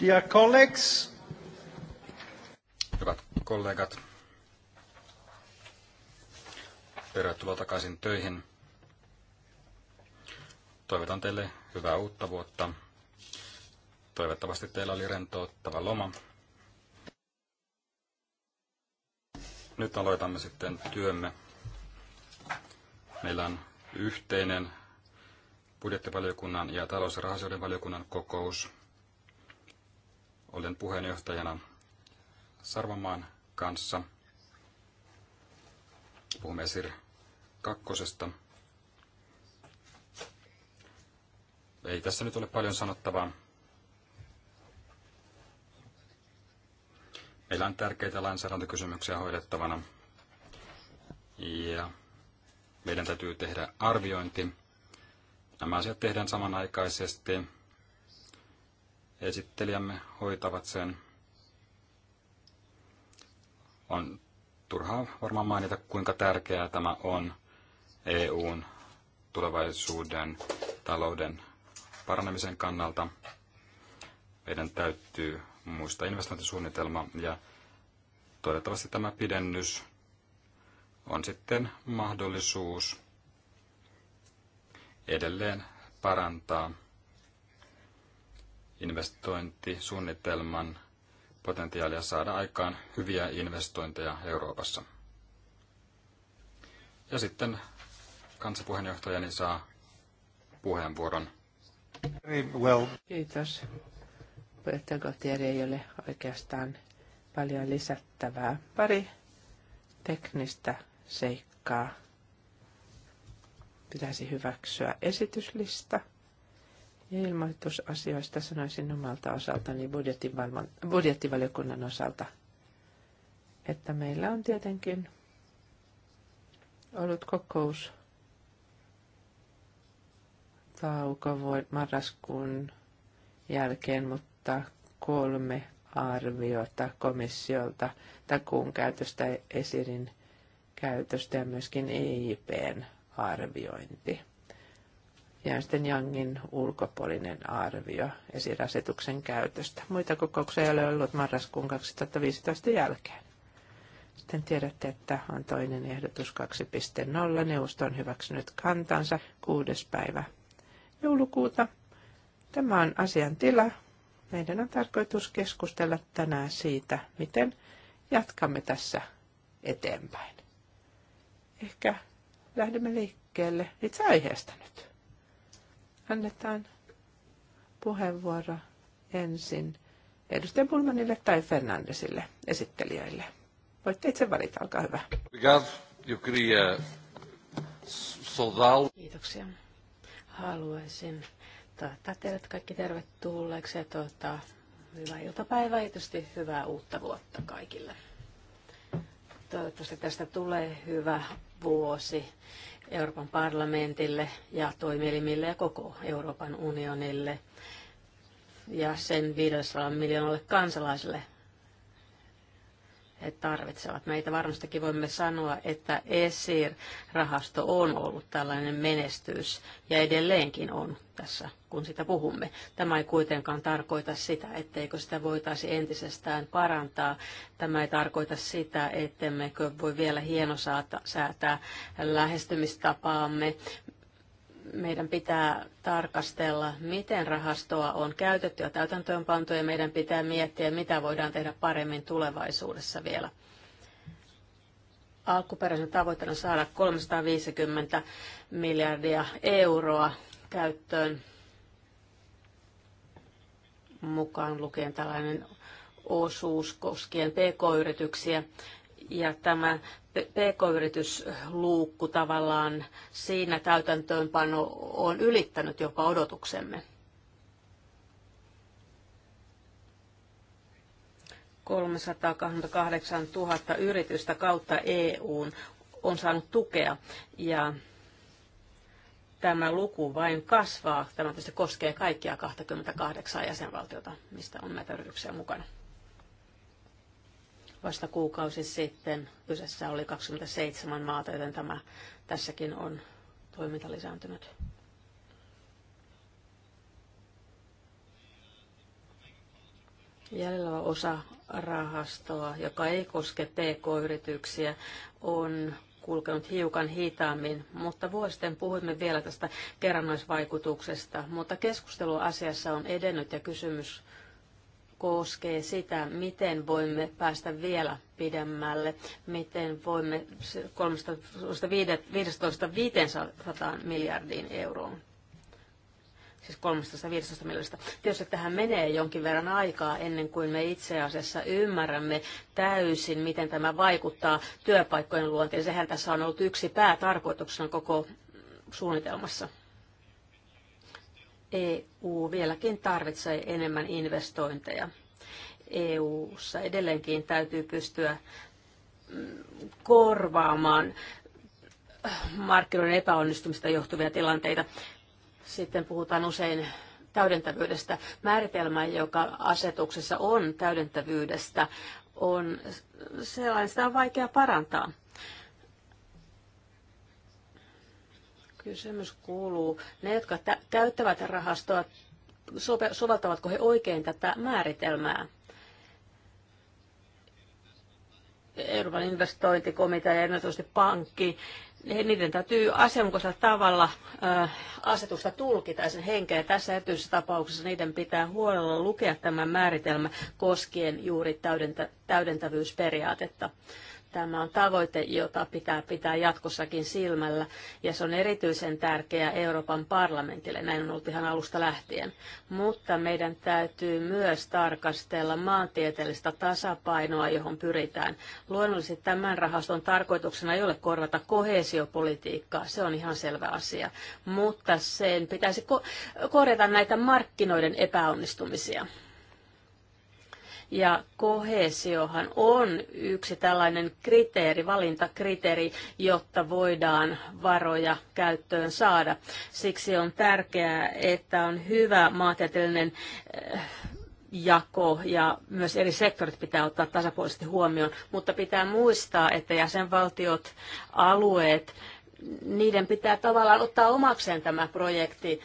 Dear colleagues. Hyvät kollegat. Tervetuloa takaisin töihin. Toivotan teille hyvää uutta vuotta. Toivottavasti teillä oli rentouttava loma. Nyt aloitamme sitten työmme. Meillä on yhteinen budjettivaliokunnan ja talous- ja valiokunnan kokous olen puheenjohtajana Sarvamaan kanssa. Puhumme Esir kakkosesta. Ei tässä nyt ole paljon sanottavaa. Meillä on tärkeitä lainsäädäntökysymyksiä hoidettavana. Ja meidän täytyy tehdä arviointi. Nämä asiat tehdään samanaikaisesti esittelijämme hoitavat sen. On turhaa varmaan mainita, kuinka tärkeää tämä on EUn tulevaisuuden talouden paranemisen kannalta. Meidän täytyy muistaa investointisuunnitelma ja toivottavasti tämä pidennys on sitten mahdollisuus edelleen parantaa investointisuunnitelman potentiaalia saada aikaan hyviä investointeja Euroopassa. Ja sitten kansapuheenjohtajani saa puheenvuoron. Well. Kiitos. Pöytäkotieri ei ole oikeastaan paljon lisättävää. Pari teknistä seikkaa pitäisi hyväksyä esityslista – ja ilmoitusasioista sanoisin omalta osaltani budjettivaliokunnan osalta, että meillä on tietenkin ollut kokous tauko marraskuun jälkeen, mutta kolme arviota komissiolta takuun käytöstä, esirin käytöstä ja myöskin EIPn arviointi. Jansten Jangin ulkopuolinen arvio esirasetuksen käytöstä. Muita kokouksia ei ole ollut marraskuun 2015 jälkeen. Sitten tiedätte, että on toinen ehdotus 2.0. Neuvosto on hyväksynyt kantansa 6. päivä joulukuuta. Tämä on asian tila. Meidän on tarkoitus keskustella tänään siitä, miten jatkamme tässä eteenpäin. Ehkä lähdemme liikkeelle itse aiheesta nyt annetaan puheenvuoro ensin edustaja Bulmanille tai Fernandesille, esittelijöille. Voitte itse valita, olkaa hyvä. Kiitoksia. Haluaisin toivottaa teidät kaikki tervetulleeksi ja tuota, hyvää iltapäivää ja tietysti hyvää uutta vuotta kaikille. Toivottavasti tästä tulee hyvä vuosi Euroopan parlamentille ja toimielimille ja koko Euroopan unionille ja sen 500 miljoonalle kansalaiselle he tarvitsevat meitä. Varmastikin voimme sanoa, että ESIR-rahasto on ollut tällainen menestys ja edelleenkin on tässä, kun sitä puhumme. Tämä ei kuitenkaan tarkoita sitä, etteikö sitä voitaisi entisestään parantaa. Tämä ei tarkoita sitä, ettemmekö voi vielä hienosäätää lähestymistapaamme meidän pitää tarkastella, miten rahastoa on käytetty ja täytäntöönpantu, ja meidän pitää miettiä, mitä voidaan tehdä paremmin tulevaisuudessa vielä. Alkuperäisen tavoitteena saada 350 miljardia euroa käyttöön mukaan lukien tällainen osuus koskien pk-yrityksiä. Ja tämä PK-yritysluukku tavallaan siinä täytäntöönpano on ylittänyt jopa odotuksemme. tuhatta 000 yritystä kautta EUn on saanut tukea ja tämä luku vain kasvaa. Tämä tietysti koskee kaikkia 28 jäsenvaltiota, mistä on näitä yrityksiä mukana vasta kuukausi sitten. Kyseessä oli 27 maata, joten tämä tässäkin on toiminta lisääntynyt. Jäljellä osa rahastoa, joka ei koske PK-yrityksiä, on kulkenut hiukan hitaammin, mutta vuosien puhuimme vielä tästä kerrannaisvaikutuksesta. Mutta keskustelu asiassa on edennyt ja kysymys koskee sitä, miten voimme päästä vielä pidemmälle, miten voimme 315-500 miljardiin euroon. Siis 315 miljardista. Tietysti tähän menee jonkin verran aikaa ennen kuin me itse asiassa ymmärrämme täysin, miten tämä vaikuttaa työpaikkojen luontiin. Sehän tässä on ollut yksi päätarkoituksena koko suunnitelmassa. EU vieläkin tarvitsee enemmän investointeja. EUssa edelleenkin täytyy pystyä mm, korvaamaan äh, markkinoiden epäonnistumista johtuvia tilanteita. Sitten puhutaan usein täydentävyydestä. Määritelmä, joka asetuksessa on täydentävyydestä, on sellainen, sitä on vaikea parantaa. Kysymys kuuluu, ne jotka käyttävät rahastoa, soveltavatko he oikein tätä määritelmää? Euroopan investointikomitea ja erityisesti pankki, niiden täytyy asianmukaisella tavalla asetusta tulkita sen henkeä. Tässä erityisessä tapauksessa niiden pitää huolella lukea tämä määritelmä koskien juuri täydentä, täydentävyysperiaatetta. Tämä on tavoite, jota pitää pitää jatkossakin silmällä, ja se on erityisen tärkeä Euroopan parlamentille, näin on ollut ihan alusta lähtien. Mutta meidän täytyy myös tarkastella maantieteellistä tasapainoa, johon pyritään. Luonnollisesti tämän rahaston tarkoituksena ei ole korvata kohesiopolitiikkaa, se on ihan selvä asia, mutta sen pitäisi ko- korjata näitä markkinoiden epäonnistumisia ja kohesiohan on yksi tällainen kriteeri, valintakriteeri, jotta voidaan varoja käyttöön saada. Siksi on tärkeää, että on hyvä maantieteellinen eh, jako ja myös eri sektorit pitää ottaa tasapuolisesti huomioon, mutta pitää muistaa, että jäsenvaltiot, alueet, niiden pitää tavallaan ottaa omakseen tämä projekti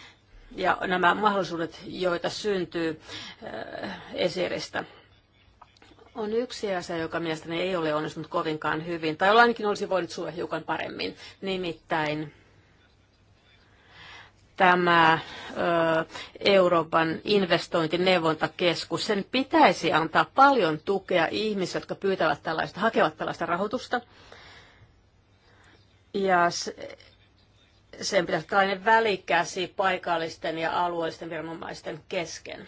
ja nämä mahdollisuudet, joita syntyy eh, esiristä. On yksi asia, joka mielestäni ei ole onnistunut kovinkaan hyvin, tai ainakin olisi voinut sulle hiukan paremmin, nimittäin tämä ö, Euroopan investointineuvontakeskus, sen pitäisi antaa paljon tukea ihmisille, jotka pyytävät tällaista, hakevat tällaista rahoitusta. Ja se, sen pitäisi olla tällainen välikäsi paikallisten ja alueellisten viranomaisten kesken.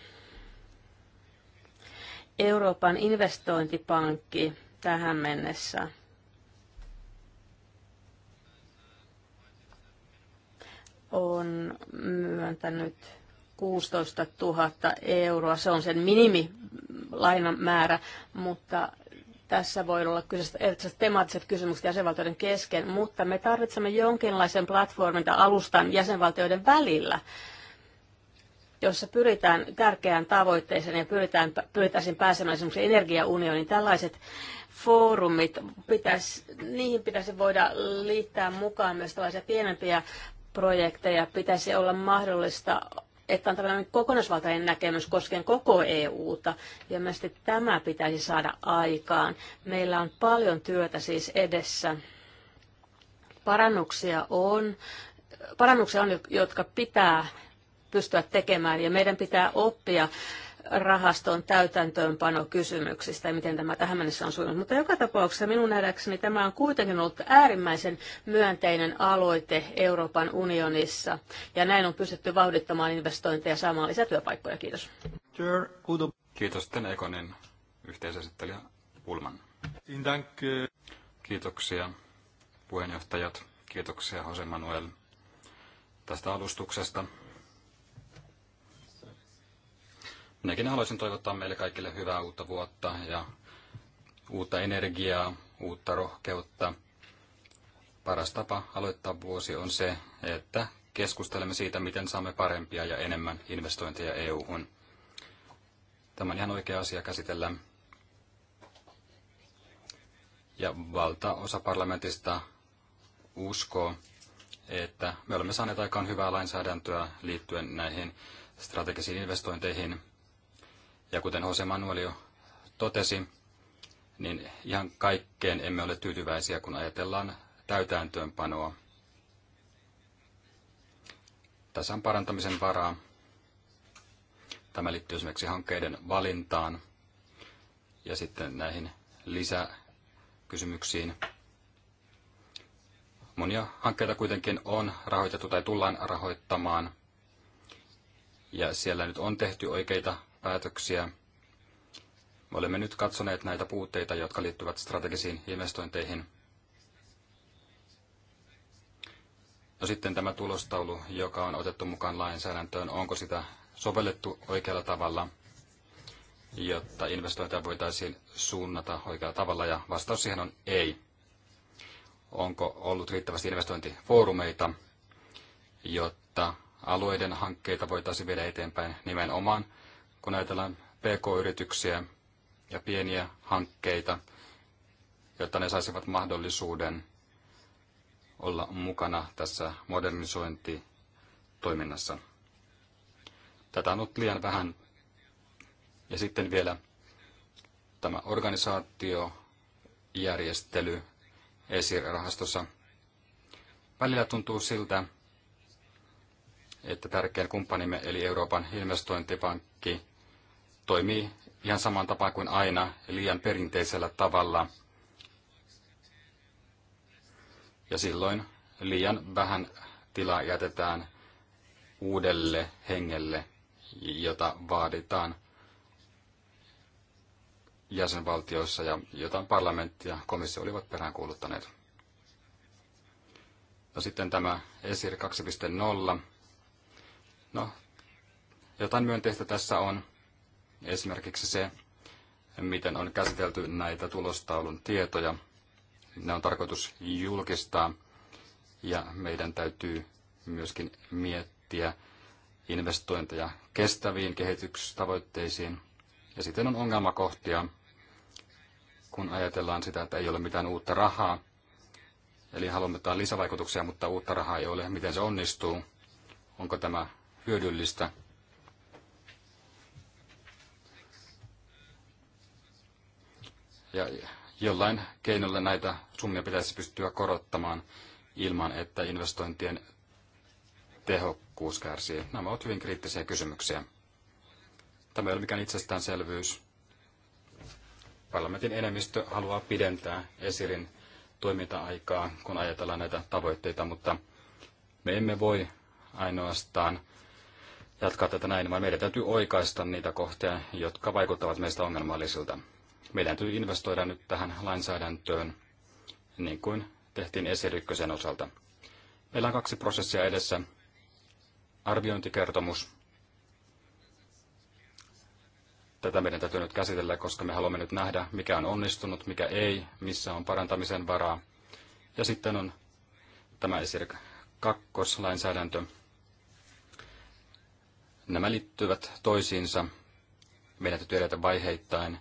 Euroopan investointipankki tähän mennessä? on myöntänyt 16 000 euroa. Se on sen minimilainamäärä, mutta tässä voi olla kyseessä temaattiset kysymykset jäsenvaltioiden kesken, mutta me tarvitsemme jonkinlaisen platformin tai alustan jäsenvaltioiden välillä jossa pyritään tärkeään tavoitteeseen ja pyritään, pyritäisiin pääsemään esimerkiksi energiaunioniin. Tällaiset foorumit, pitäisi, niihin pitäisi voida liittää mukaan myös tällaisia pienempiä projekteja. Pitäisi olla mahdollista, että on tällainen kokonaisvaltainen näkemys koskien koko EUta, ja myös tämä pitäisi saada aikaan. Meillä on paljon työtä siis edessä. Parannuksia on, parannuksia on, jotka pitää pystyä tekemään ja meidän pitää oppia rahaston kysymyksistä ja miten tämä tähän mennessä on sujunut. Mutta joka tapauksessa minun nähdäkseni tämä on kuitenkin ollut äärimmäisen myönteinen aloite Euroopan unionissa ja näin on pystytty vauhdittamaan investointeja ja saamaan työpaikkoja. Kiitos. Kiitos sitten Ekonin yhteisesittelijä Ulman. Kiitoksia puheenjohtajat. Kiitoksia Jose Manuel tästä alustuksesta. Minäkin haluaisin toivottaa meille kaikille hyvää uutta vuotta ja uutta energiaa, uutta rohkeutta. Paras tapa aloittaa vuosi on se, että keskustelemme siitä, miten saamme parempia ja enemmän investointeja EU-hun. Tämä on ihan oikea asia käsitellä. Ja valtaosa parlamentista uskoo, että me olemme saaneet aikaan hyvää lainsäädäntöä liittyen näihin strategisiin investointeihin. Ja kuten Jose Manuel jo totesi, niin ihan kaikkeen emme ole tyytyväisiä, kun ajatellaan täytäntöönpanoa. Tässä on parantamisen varaa. Tämä liittyy esimerkiksi hankkeiden valintaan ja sitten näihin lisäkysymyksiin. Monia hankkeita kuitenkin on rahoitettu tai tullaan rahoittamaan. Ja siellä nyt on tehty oikeita päätöksiä. Me olemme nyt katsoneet näitä puutteita, jotka liittyvät strategisiin investointeihin. No sitten tämä tulostaulu, joka on otettu mukaan lainsäädäntöön, onko sitä sovellettu oikealla tavalla, jotta investointeja voitaisiin suunnata oikealla tavalla, ja vastaus siihen on ei. Onko ollut riittävästi investointifoorumeita, jotta alueiden hankkeita voitaisiin viedä eteenpäin nimenomaan kun ajatellaan PK-yrityksiä ja pieniä hankkeita, jotta ne saisivat mahdollisuuden olla mukana tässä modernisointitoiminnassa. Tätä on ollut liian vähän. Ja sitten vielä tämä organisaatiojärjestely ESIR-rahastossa. Välillä tuntuu siltä, että tärkein kumppanimme eli Euroopan investointipankki kaikki toimii ihan saman tapaan kuin aina liian perinteisellä tavalla. Ja silloin liian vähän tilaa jätetään uudelle hengelle, jota vaaditaan jäsenvaltioissa ja jota parlamentti ja komissio olivat peräänkuuluttaneet. No sitten tämä ESIR 2.0. No, jotain myönteistä tässä on esimerkiksi se, miten on käsitelty näitä tulostaulun tietoja. Ne on tarkoitus julkistaa ja meidän täytyy myöskin miettiä investointeja kestäviin kehitystavoitteisiin. Ja sitten on ongelmakohtia, kun ajatellaan sitä, että ei ole mitään uutta rahaa. Eli haluamme lisävaikutuksia, mutta uutta rahaa ei ole. Miten se onnistuu? Onko tämä hyödyllistä? Ja jollain keinolla näitä summia pitäisi pystyä korottamaan ilman, että investointien tehokkuus kärsii. Nämä ovat hyvin kriittisiä kysymyksiä. Tämä ei ole mikään itsestäänselvyys. Parlamentin enemmistö haluaa pidentää Esirin toiminta-aikaa, kun ajatellaan näitä tavoitteita, mutta me emme voi ainoastaan jatkaa tätä näin, vaan meidän täytyy oikaista niitä kohtia, jotka vaikuttavat meistä ongelmallisilta. Meidän täytyy investoida nyt tähän lainsäädäntöön, niin kuin tehtiin esirykkösen osalta. Meillä on kaksi prosessia edessä. Arviointikertomus. Tätä meidän täytyy nyt käsitellä, koska me haluamme nyt nähdä, mikä on onnistunut, mikä ei, missä on parantamisen varaa. Ja sitten on tämä esir kakkoslainsäädäntö. Nämä liittyvät toisiinsa. Meidän täytyy edetä vaiheittain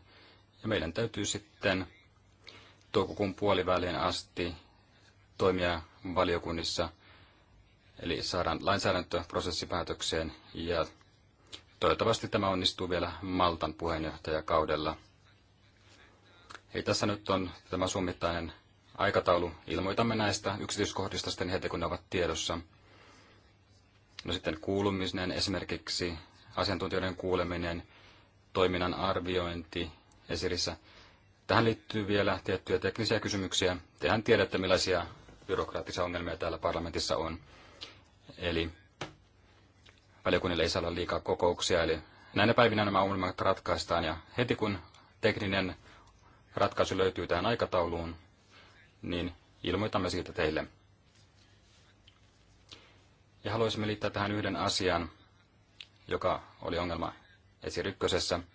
ja meidän täytyy sitten toukokuun puoliväliin asti toimia valiokunnissa, eli saadaan lainsäädäntöprosessipäätökseen ja toivottavasti tämä onnistuu vielä Maltan puheenjohtajakaudella. Ei tässä nyt on tämä summittainen aikataulu. Ilmoitamme näistä yksityiskohdista sitten heti, kun ne ovat tiedossa. No sitten kuulumisen esimerkiksi, asiantuntijoiden kuuleminen, toiminnan arviointi Esirissä. Tähän liittyy vielä tiettyjä teknisiä kysymyksiä. Tehän tiedätte, millaisia byrokraattisia ongelmia täällä parlamentissa on. Eli valiokunnille ei saa olla liikaa kokouksia. Eli näinä päivinä nämä ongelmat ratkaistaan ja heti kun tekninen ratkaisu löytyy tähän aikatauluun, niin ilmoitamme siitä teille. Ja haluaisimme liittää tähän yhden asian, joka oli ongelma esirykkösessä –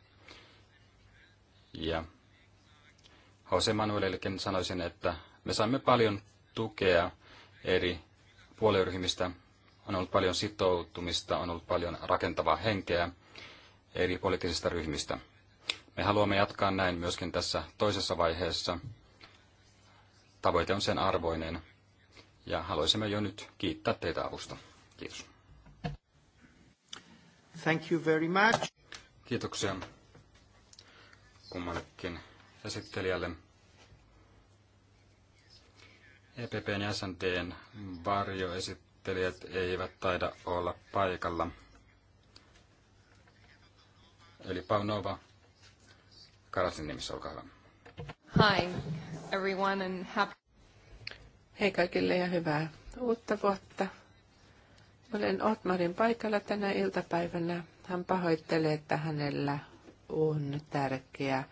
ja Jose Manuelillekin sanoisin, että me saimme paljon tukea eri puoliryhmistä. On ollut paljon sitoutumista, on ollut paljon rakentavaa henkeä eri poliittisista ryhmistä. Me haluamme jatkaa näin myöskin tässä toisessa vaiheessa. Tavoite on sen arvoinen ja haluaisimme jo nyt kiittää teitä avusta. Kiitos. Thank you very much. Kiitoksia kummallekin esittelijälle. EPPn ja SNTn varjoesittelijät eivät taida olla paikalla. Eli Paunova, Karasin nimissä, olkaa hyvä. Hi everyone and happy... Hei kaikille ja hyvää uutta vuotta. Olen Otmarin paikalla tänä iltapäivänä. Hän pahoittelee, että hänellä on tärkeä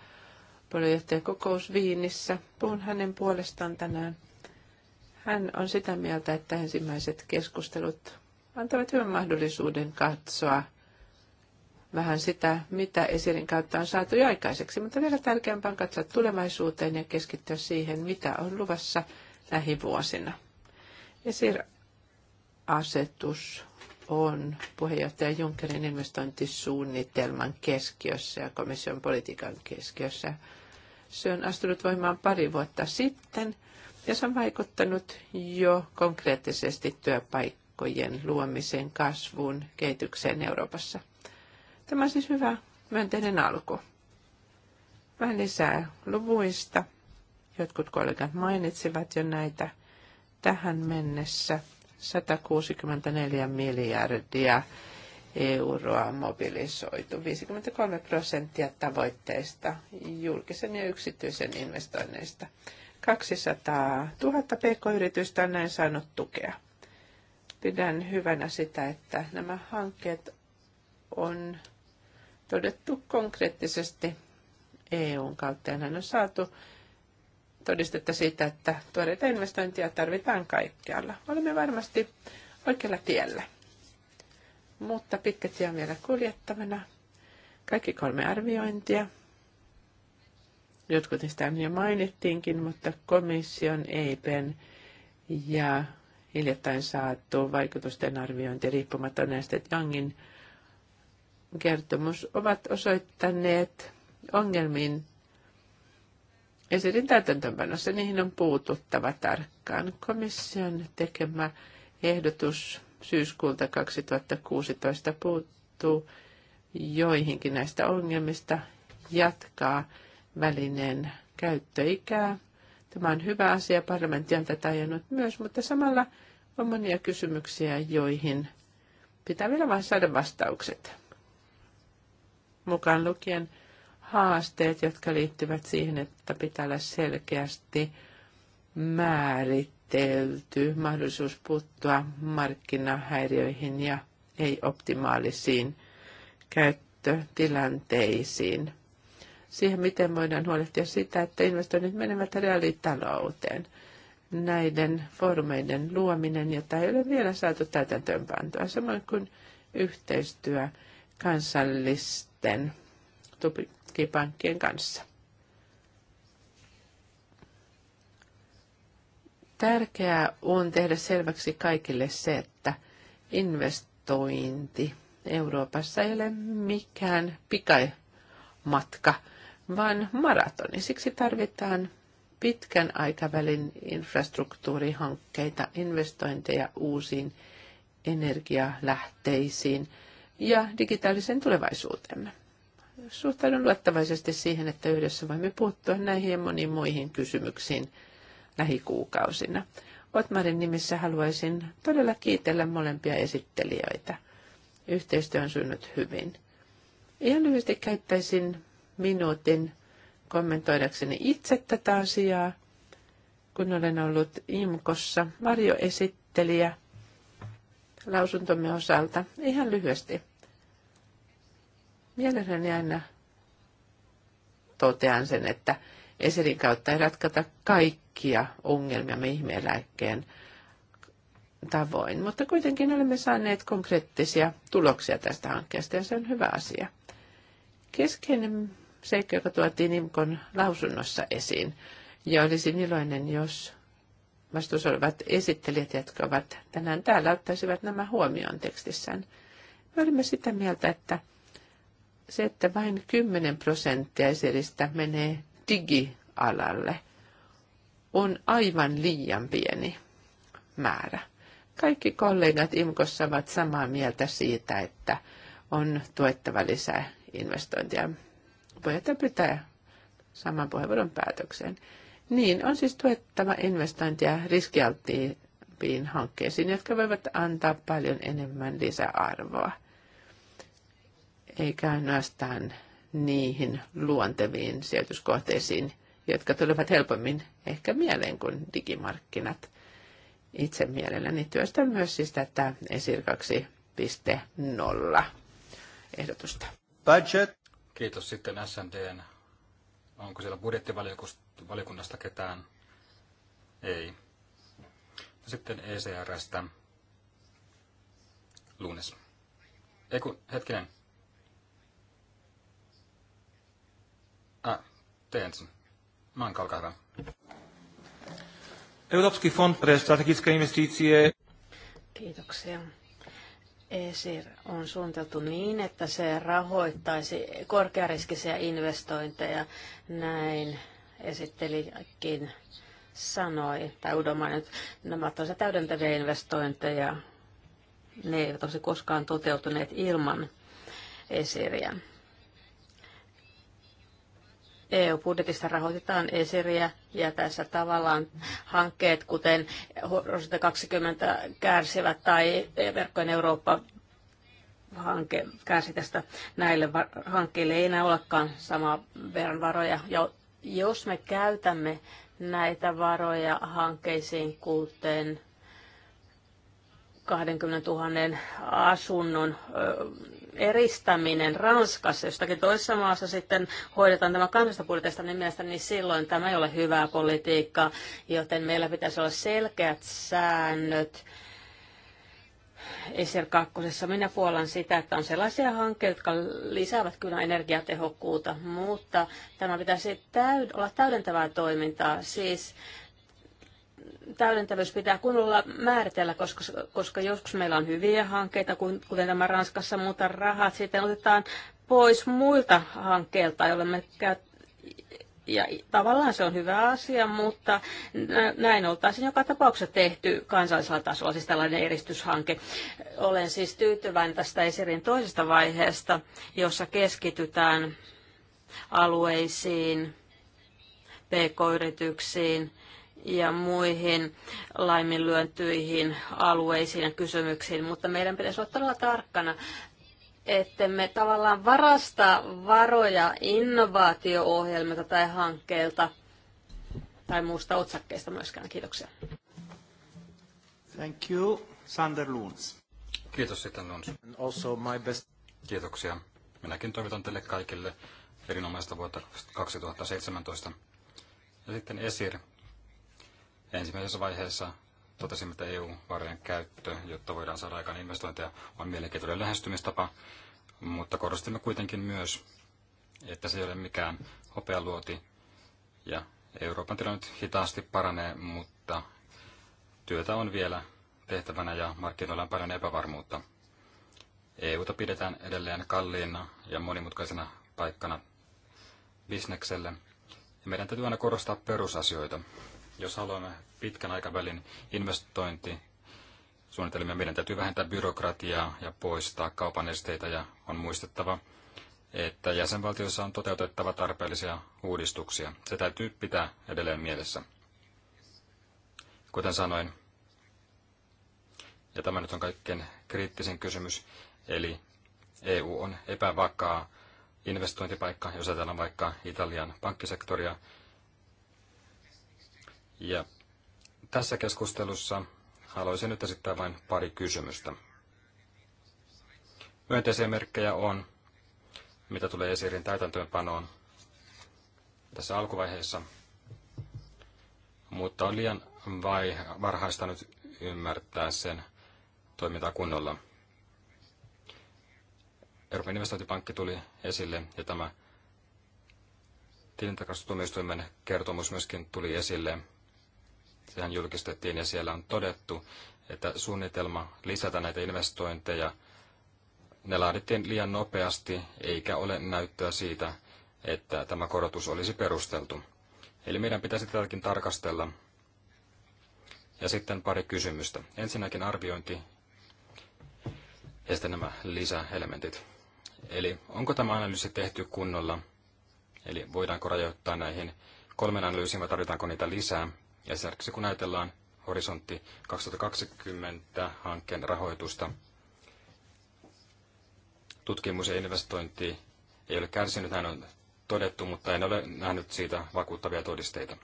puheenjohtajakokous Viinissä. Puhun hänen puolestaan tänään. Hän on sitä mieltä, että ensimmäiset keskustelut antavat hyvän mahdollisuuden katsoa vähän sitä, mitä esirin kautta on saatu jo aikaiseksi, mutta vielä tärkeämpää on katsoa tulevaisuuteen ja keskittyä siihen, mitä on luvassa lähivuosina. Esir-asetus on puheenjohtaja Junckerin investointisuunnitelman keskiössä ja komission politiikan keskiössä. Se on astunut voimaan pari vuotta sitten ja se on vaikuttanut jo konkreettisesti työpaikkojen luomiseen, kasvuun, kehitykseen Euroopassa. Tämä on siis hyvä myönteinen alku. Vähän lisää luvuista. Jotkut kollegat mainitsivat jo näitä tähän mennessä – 164 miljardia euroa mobilisoitu, 53 prosenttia tavoitteista julkisen ja yksityisen investoinneista. 200 000 pk-yritystä on näin saanut tukea. Pidän hyvänä sitä, että nämä hankkeet on todettu konkreettisesti EUn kautta ja näin on saatu todistetta siitä, että tuoreita investointia tarvitaan kaikkialla. Olemme varmasti oikealla tiellä. Mutta pitkä tie on vielä kuljettavana. Kaikki kolme arviointia. Jotkut niistä jo mainittiinkin, mutta komission, EIPen ja hiljattain saatu vaikutusten arviointi riippumaton näistä Youngin kertomus ovat osoittaneet ongelmiin Esitin täytäntöönpanossa, niihin on puututtava tarkkaan. Komission tekemä ehdotus syyskuulta 2016 puuttuu joihinkin näistä ongelmista, jatkaa välineen käyttöikää. Tämä on hyvä asia, parlamentti on tätä ajanut myös, mutta samalla on monia kysymyksiä, joihin pitää vielä vain saada vastaukset. Mukaan lukien haasteet, jotka liittyvät siihen, että pitää olla selkeästi määritelty mahdollisuus puuttua markkinahäiriöihin ja ei-optimaalisiin käyttötilanteisiin. Siihen, miten voidaan huolehtia sitä, että investoinnit menevät reaalitalouteen. Näiden foorumeiden luominen, jota ei ole vielä saatu täytäntöönpantoa, samoin kuin yhteistyö kansallisten tukipankkien kanssa. Tärkeää on tehdä selväksi kaikille se, että investointi Euroopassa ei ole mikään pikamatka, vaan maratoni. Siksi tarvitaan pitkän aikavälin infrastruktuurihankkeita, investointeja uusiin energialähteisiin ja digitaalisen tulevaisuuteen suhtaudun luottavaisesti siihen, että yhdessä voimme puuttua näihin ja moniin muihin kysymyksiin lähikuukausina. Otmarin nimissä haluaisin todella kiitellä molempia esittelijöitä. Yhteistyö on syynyt hyvin. Ihan lyhyesti käyttäisin minuutin kommentoidakseni itse tätä asiaa, kun olen ollut IMKossa varjoesittelijä lausuntomme osalta. Ihan lyhyesti. Mielelläni aina totean sen, että Eserin kautta ei ratkata kaikkia ongelmia me ihmeeläikkeen tavoin, mutta kuitenkin olemme saaneet konkreettisia tuloksia tästä hankkeesta ja se on hyvä asia. Keskeinen seikka, joka tuotiin Imkon lausunnossa esiin, ja olisin iloinen, jos vastuussa olevat esittelijät, jotka ovat tänään täällä, ottaisivat nämä huomioon tekstissään. Me olimme sitä mieltä, että se, että vain 10 prosenttia esiristä menee digialalle, on aivan liian pieni määrä. Kaikki kollegat IMKOssa ovat samaa mieltä siitä, että on tuettava lisää investointia. Puheenjohtaja pitää saman puheenvuoron päätökseen. Niin, on siis tuettava investointia riskialttiimpiin hankkeisiin, jotka voivat antaa paljon enemmän lisäarvoa – eikä ainoastaan niihin luonteviin sijoituskohteisiin, jotka tulevat helpommin ehkä mieleen kuin digimarkkinat. Itse mielelläni työstän myös siis tätä Esir 2.0 ehdotusta. Budget. Kiitos sitten SNDn. Onko siellä budjettivaliokunnasta ketään? Ei. No sitten ECRstä. lunes. Eiku, hetkinen. A, ah, te ensin. Europski fond pre strategické investície. Kiitoksia. ESIR on suunniteltu niin, että se rahoittaisi korkeariskisiä investointeja. Näin esittelikin sanoi, tai Udo mainit, nämä ovat täydentäviä investointeja. Ne eivät olisi koskaan toteutuneet ilman esiriä. EU-budjetista rahoitetaan esiriä ja tässä tavallaan hankkeet, kuten Rosetta 20 kärsivät tai Verkkojen Eurooppa hanke kärsi tästä näille hankkeille ei enää olekaan samaa verran varoja. Ja jos me käytämme näitä varoja hankkeisiin, kuten 20 000 asunnon eristäminen Ranskassa, jostakin toisessa maassa sitten hoidetaan tämä kansallista budjetista, niin mielestäni niin silloin tämä ei ole hyvää politiikkaa, joten meillä pitäisi olla selkeät säännöt. Esir 2. Minä puolan sitä, että on sellaisia hankkeita, jotka lisäävät kyllä energiatehokkuutta, mutta tämä pitäisi täyd- olla täydentävää toimintaa. Siis täydentävyys pitää kunnolla määritellä, koska, koska joskus meillä on hyviä hankkeita, kuten tämä Ranskassa, mutta rahat sitten otetaan pois muilta hankkeilta, joilla me käyt- ja tavallaan se on hyvä asia, mutta näin oltaisiin joka tapauksessa tehty kansallisella tasolla, siis tällainen eristyshanke. Olen siis tyytyväinen tästä esirin toisesta vaiheesta, jossa keskitytään alueisiin, pk-yrityksiin, ja muihin laiminlyöntyihin alueisiin ja kysymyksiin, mutta meidän pitäisi olla todella tarkkana, ettemme tavallaan varasta varoja innovaatio-ohjelmilta tai hankkeilta tai muusta otsakkeesta myöskään. Kiitoksia. Thank you, Sander Lunds. Kiitos sitten Lunds. And also my best... Kiitoksia. Minäkin toivotan teille kaikille erinomaista vuotta 2017. Ja sitten Esir, Ensimmäisessä vaiheessa totesimme, että EU-varojen käyttö, jotta voidaan saada aikaan investointeja, on mielenkiintoinen lähestymistapa, mutta korostimme kuitenkin myös, että se ei ole mikään hopealuoti ja Euroopan tilanne nyt hitaasti paranee, mutta työtä on vielä tehtävänä ja markkinoilla on paljon epävarmuutta. EUta pidetään edelleen kalliina ja monimutkaisena paikkana bisnekselle, ja meidän täytyy aina korostaa perusasioita. Jos haluamme pitkän aikavälin Suunnitelmia meidän täytyy vähentää byrokratiaa ja poistaa kaupan esteitä ja on muistettava, että jäsenvaltioissa on toteutettava tarpeellisia uudistuksia. Se täytyy pitää edelleen mielessä. Kuten sanoin, ja tämä nyt on kaikkein kriittisin kysymys, eli EU on epävakaa investointipaikka, jos ajatellaan vaikka Italian pankkisektoria, ja tässä keskustelussa haluaisin nyt esittää vain pari kysymystä. Myönteisiä merkkejä on, mitä tulee esiin täytäntöönpanoon tässä alkuvaiheessa, mutta on liian vai, varhaista nyt ymmärtää sen toimintaa kunnolla. Euroopan investointipankki tuli esille ja tämä tilintarkastustuomioistuimen kertomus myöskin tuli esille sehän julkistettiin ja siellä on todettu, että suunnitelma lisätä näitä investointeja, ne laadittiin liian nopeasti eikä ole näyttöä siitä, että tämä korotus olisi perusteltu. Eli meidän pitäisi tätäkin tarkastella. Ja sitten pari kysymystä. Ensinnäkin arviointi ja sitten nämä lisäelementit. Eli onko tämä analyysi tehty kunnolla? Eli voidaanko rajoittaa näihin kolmen analyysiin vai tarvitaanko niitä lisää? Ja esimerkiksi kun ajatellaan Horisontti 2020 hankkeen rahoitusta, tutkimus ja investointi ei ole kärsinyt, hän on todettu, mutta en ole nähnyt siitä vakuuttavia todisteita.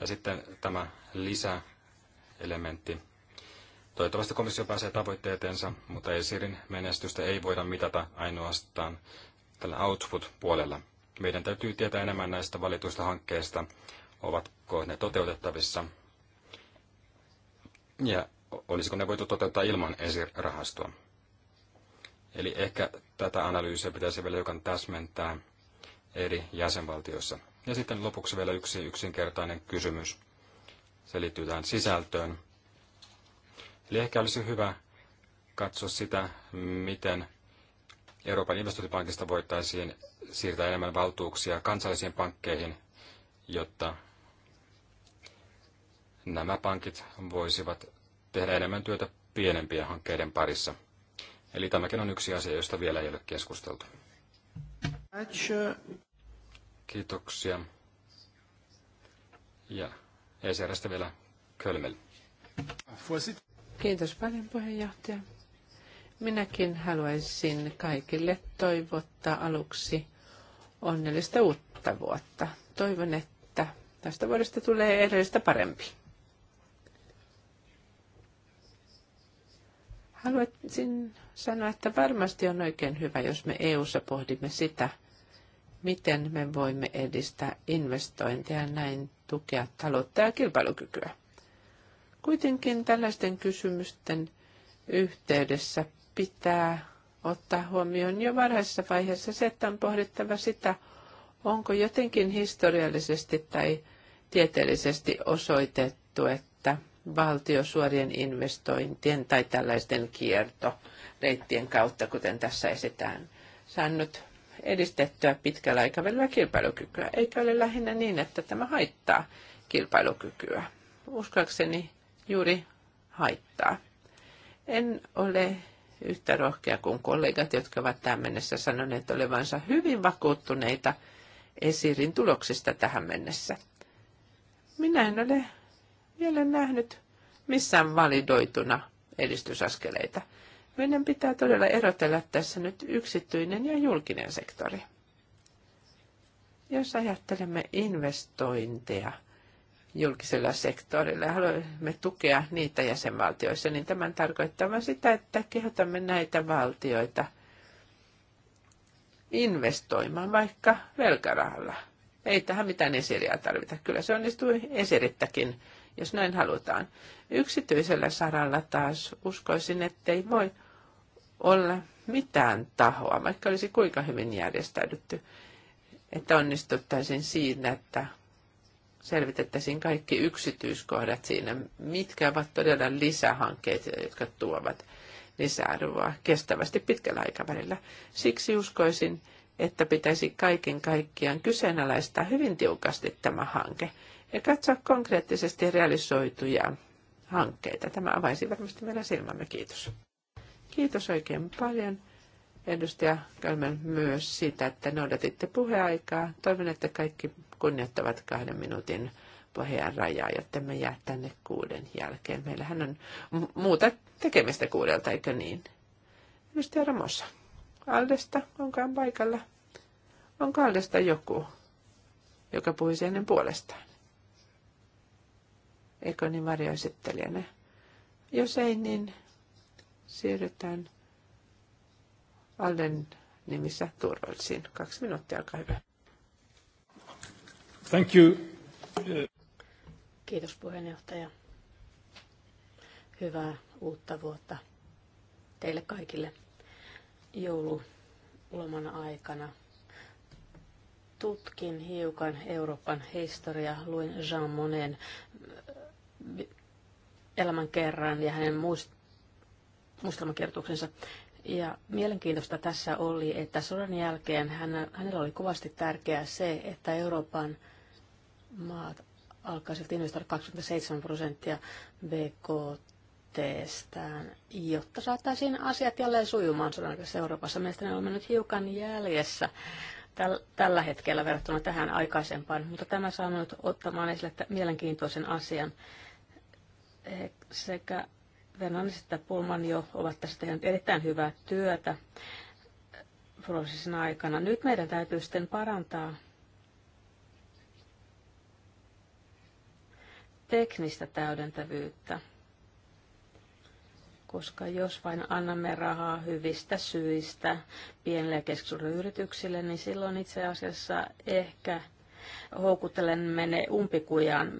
Ja sitten tämä lisäelementti. Toivottavasti komissio pääsee tavoitteeteensa, mutta ESIRin menestystä ei voida mitata ainoastaan tällä output-puolella. Meidän täytyy tietää enemmän näistä valituista hankkeista, ovatko ne toteutettavissa ja olisiko ne voitu toteuttaa ilman esirahastoa. Eli ehkä tätä analyysiä pitäisi vielä hiukan täsmentää eri jäsenvaltioissa. Ja sitten lopuksi vielä yksi yksinkertainen kysymys. Se liittyy tähän sisältöön. Eli ehkä olisi hyvä katsoa sitä, miten Euroopan investointipankista voitaisiin siirtää enemmän valtuuksia kansallisiin pankkeihin, jotta nämä pankit voisivat tehdä enemmän työtä pienempien hankkeiden parissa. Eli tämäkin on yksi asia, josta vielä ei ole keskusteltu. Kiitoksia. Ja ECRstä vielä Kölmel. Kiitos paljon puheenjohtaja. Minäkin haluaisin kaikille toivottaa aluksi onnellista uutta vuotta. Toivon, että tästä vuodesta tulee edellistä parempi. Haluaisin sanoa, että varmasti on oikein hyvä, jos me EU-ssa pohdimme sitä, miten me voimme edistää investointeja ja näin tukea taloutta ja kilpailukykyä. Kuitenkin tällaisten kysymysten yhteydessä pitää ottaa huomioon jo varhaisessa vaiheessa se, että on pohdittava sitä, onko jotenkin historiallisesti tai tieteellisesti osoitettu, että valtiosuorien investointien tai tällaisten kiertoreittien kautta, kuten tässä esitään, saanut edistettyä pitkällä aikavälillä kilpailukykyä, eikä ole lähinnä niin, että tämä haittaa kilpailukykyä. Uskoakseni juuri haittaa. En ole yhtä rohkea kuin kollegat, jotka ovat tähän mennessä sanoneet olevansa hyvin vakuuttuneita esirin tuloksista tähän mennessä. Minä en ole vielä nähnyt missään validoituna edistysaskeleita. Meidän pitää todella erotella tässä nyt yksityinen ja julkinen sektori. Jos ajattelemme investointeja julkisella sektorilla ja haluamme tukea niitä jäsenvaltioissa, niin tämän tarkoittaa sitä, että kehotamme näitä valtioita investoimaan vaikka velkarahalla. Ei tähän mitään esiriä tarvita. Kyllä se onnistui esirittäkin jos näin halutaan. Yksityisellä saralla taas uskoisin, ettei voi olla mitään tahoa, vaikka olisi kuinka hyvin järjestäydytty, että onnistuttaisiin siinä, että selvitettäisiin kaikki yksityiskohdat siinä, mitkä ovat todella lisähankkeet, jotka tuovat lisäarvoa kestävästi pitkällä aikavälillä. Siksi uskoisin, että pitäisi kaiken kaikkiaan kyseenalaistaa hyvin tiukasti tämä hanke ja katsoa konkreettisesti realisoituja hankkeita. Tämä avaisi varmasti meidän silmämme. Kiitos. Kiitos oikein paljon. Edustaja Kalmen myös siitä, että noudatitte puheaikaa. Toivon, että kaikki kunnioittavat kahden minuutin puheen rajaa, jotta me jää tänne kuuden jälkeen. Meillähän on muuta tekemistä kuudelta, eikö niin? Edustaja Ramossa. Aldesta, onkaan paikalla? Onko Aldesta joku, joka puhuisi ennen puolestaan? Niin, Maria esittelijänä? Jos ei, niin siirrytään Allen nimissä turvallisiin. Kaksi minuuttia, olkaa hyvä. Thank you. Kiitos puheenjohtaja. Hyvää uutta vuotta teille kaikille joululoman aikana. Tutkin hiukan Euroopan historiaa, luin Jean Monen elämän kerran ja hänen muist- muistelmakertuksensa. Ja mielenkiintoista tässä oli, että sodan jälkeen hänellä oli kovasti tärkeää se, että Euroopan maat alkaisivat investoida 27 prosenttia BKTstään, jotta saataisiin asiat jälleen sujumaan sodan Euroopassa. Mielestäni on mennyt hiukan jäljessä tällä hetkellä verrattuna tähän aikaisempaan, mutta tämä saa nyt ottamaan esille mielenkiintoisen asian he sekä Venanis että Pulman jo ovat tässä tehneet erittäin hyvää työtä prosessin aikana. Nyt meidän täytyy sitten parantaa teknistä täydentävyyttä, koska jos vain annamme rahaa hyvistä syistä pienille ja keskisuurille yrityksille, niin silloin itse asiassa ehkä houkuttelemme ne umpikujaan,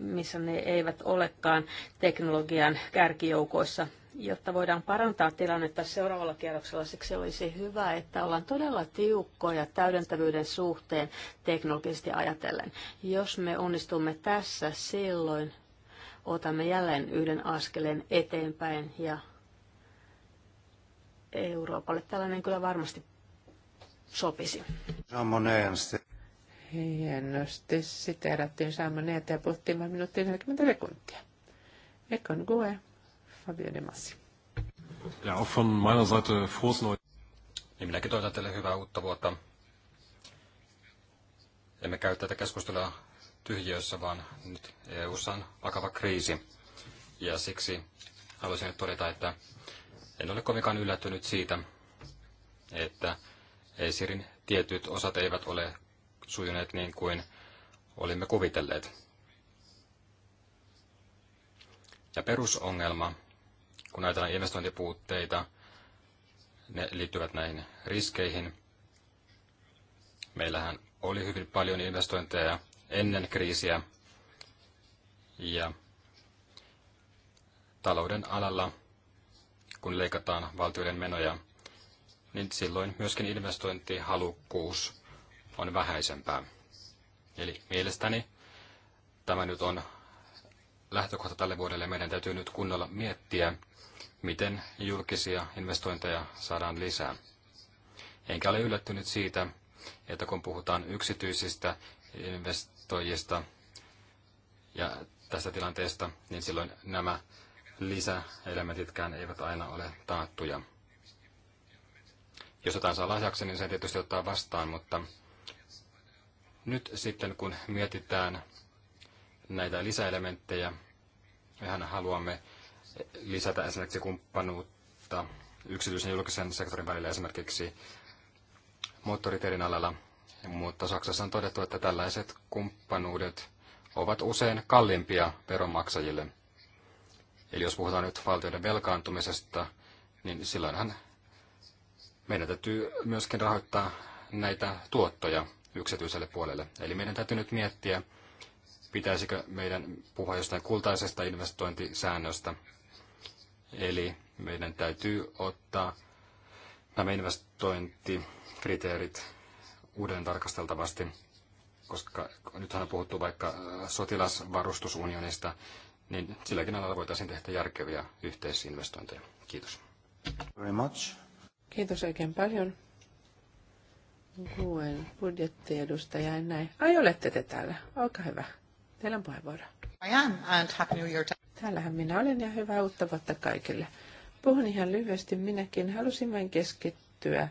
missä ne eivät olekaan teknologian kärkijoukoissa. Jotta voidaan parantaa tilannetta seuraavalla kierroksella, siksi olisi hyvä, että ollaan todella tiukkoja täydentävyyden suhteen teknologisesti ajatellen. Jos me onnistumme tässä, silloin otamme jälleen yhden askeleen eteenpäin ja Euroopalle tällainen kyllä varmasti sopisi. Hienosti siteerattiin Salmoneeta ja puhuttiin vain minuuttia 40 sekuntia. Ekon Gue, Fabio De Massi. Ja auch von meiner Seite frohes Neues. Niin minäkin toivotan teille hyvää uutta vuotta. Emme käy tätä keskustelua tyhjiössä, vaan nyt EU:ssa on vakava kriisi. Ja siksi haluaisin nyt todeta, että en ole kovinkaan yllättynyt siitä, että Esirin tietyt osat eivät ole sujuneet niin kuin olimme kuvitelleet. Ja perusongelma, kun ajatellaan investointipuutteita, ne liittyvät näihin riskeihin. Meillähän oli hyvin paljon investointeja ennen kriisiä ja talouden alalla, kun leikataan valtioiden menoja, niin silloin myöskin investointihalukkuus on vähäisempää. Eli mielestäni tämä nyt on lähtökohta tälle vuodelle. Meidän täytyy nyt kunnolla miettiä, miten julkisia investointeja saadaan lisää. Enkä ole yllättynyt siitä, että kun puhutaan yksityisistä investoijista ja tästä tilanteesta, niin silloin nämä lisäelementitkään eivät aina ole taattuja. Jos jotain saa lahjaksi, niin se tietysti ottaa vastaan, mutta nyt sitten kun mietitään näitä lisäelementtejä, mehän haluamme lisätä esimerkiksi kumppanuutta yksityisen ja julkisen sektorin välillä esimerkiksi moottoriteiden alalla, mutta Saksassa on todettu, että tällaiset kumppanuudet ovat usein kalliimpia veronmaksajille. Eli jos puhutaan nyt valtioiden velkaantumisesta, niin silloinhan meidän täytyy myöskin rahoittaa näitä tuottoja yksityiselle puolelle. Eli meidän täytyy nyt miettiä, pitäisikö meidän puhua jostain kultaisesta investointisäännöstä. Eli meidän täytyy ottaa nämä investointikriteerit uuden tarkasteltavasti, koska nythän on puhuttu vaikka äh, sotilasvarustusunionista, niin silläkin alalla voitaisiin tehdä järkeviä yhteisinvestointeja. Kiitos. Very much. Kiitos oikein paljon. Luen budjettiedustaja ja näin. Ai olette te täällä. Olkaa hyvä. Teillä on puheenvuoro. I am and happy new year. Täällähän minä olen ja hyvää uutta vuotta kaikille. Puhun ihan lyhyesti minäkin. Halusin vain keskittyä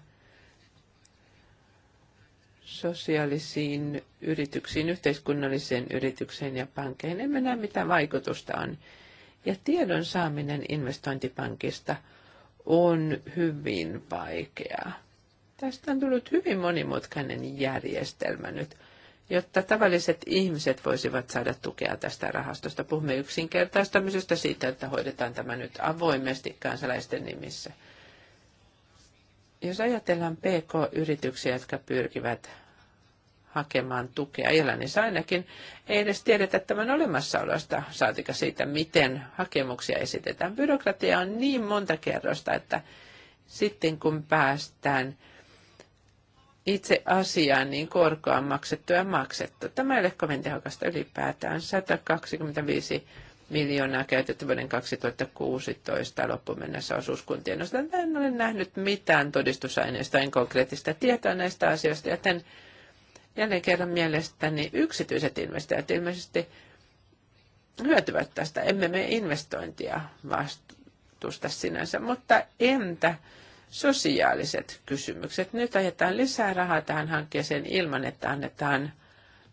sosiaalisiin yrityksiin, yhteiskunnalliseen yritykseen ja pankkeihin. En näe, mitä vaikutusta on. Ja tiedon saaminen investointipankista on hyvin vaikeaa Tästä on tullut hyvin monimutkainen järjestelmä nyt, jotta tavalliset ihmiset voisivat saada tukea tästä rahastosta. Puhumme yksinkertaistamisesta siitä, että hoidetaan tämä nyt avoimesti kansalaisten nimissä. Jos ajatellaan PK-yrityksiä, jotka pyrkivät hakemaan tukea Irlannissa ainakin. Ei edes tiedetä tämän olemassaolosta, saatika siitä, miten hakemuksia esitetään. Byrokratia on niin monta kerrosta, että sitten kun päästään itse asiaan, niin korkoa on maksettu ja maksettu. Tämä ei ole kovin tehokasta ylipäätään. 125 miljoonaa käytetty vuoden 2016 loppuun mennessä osuuskuntien osalta. En ole nähnyt mitään todistusaineista, en konkreettista tietoa näistä asioista, joten jälleen kerran mielestäni yksityiset investoijat ilmeisesti hyötyvät tästä. Emme me investointia vastusta sinänsä, mutta entä sosiaaliset kysymykset. Nyt ajetaan lisää rahaa tähän hankkeeseen ilman, että annetaan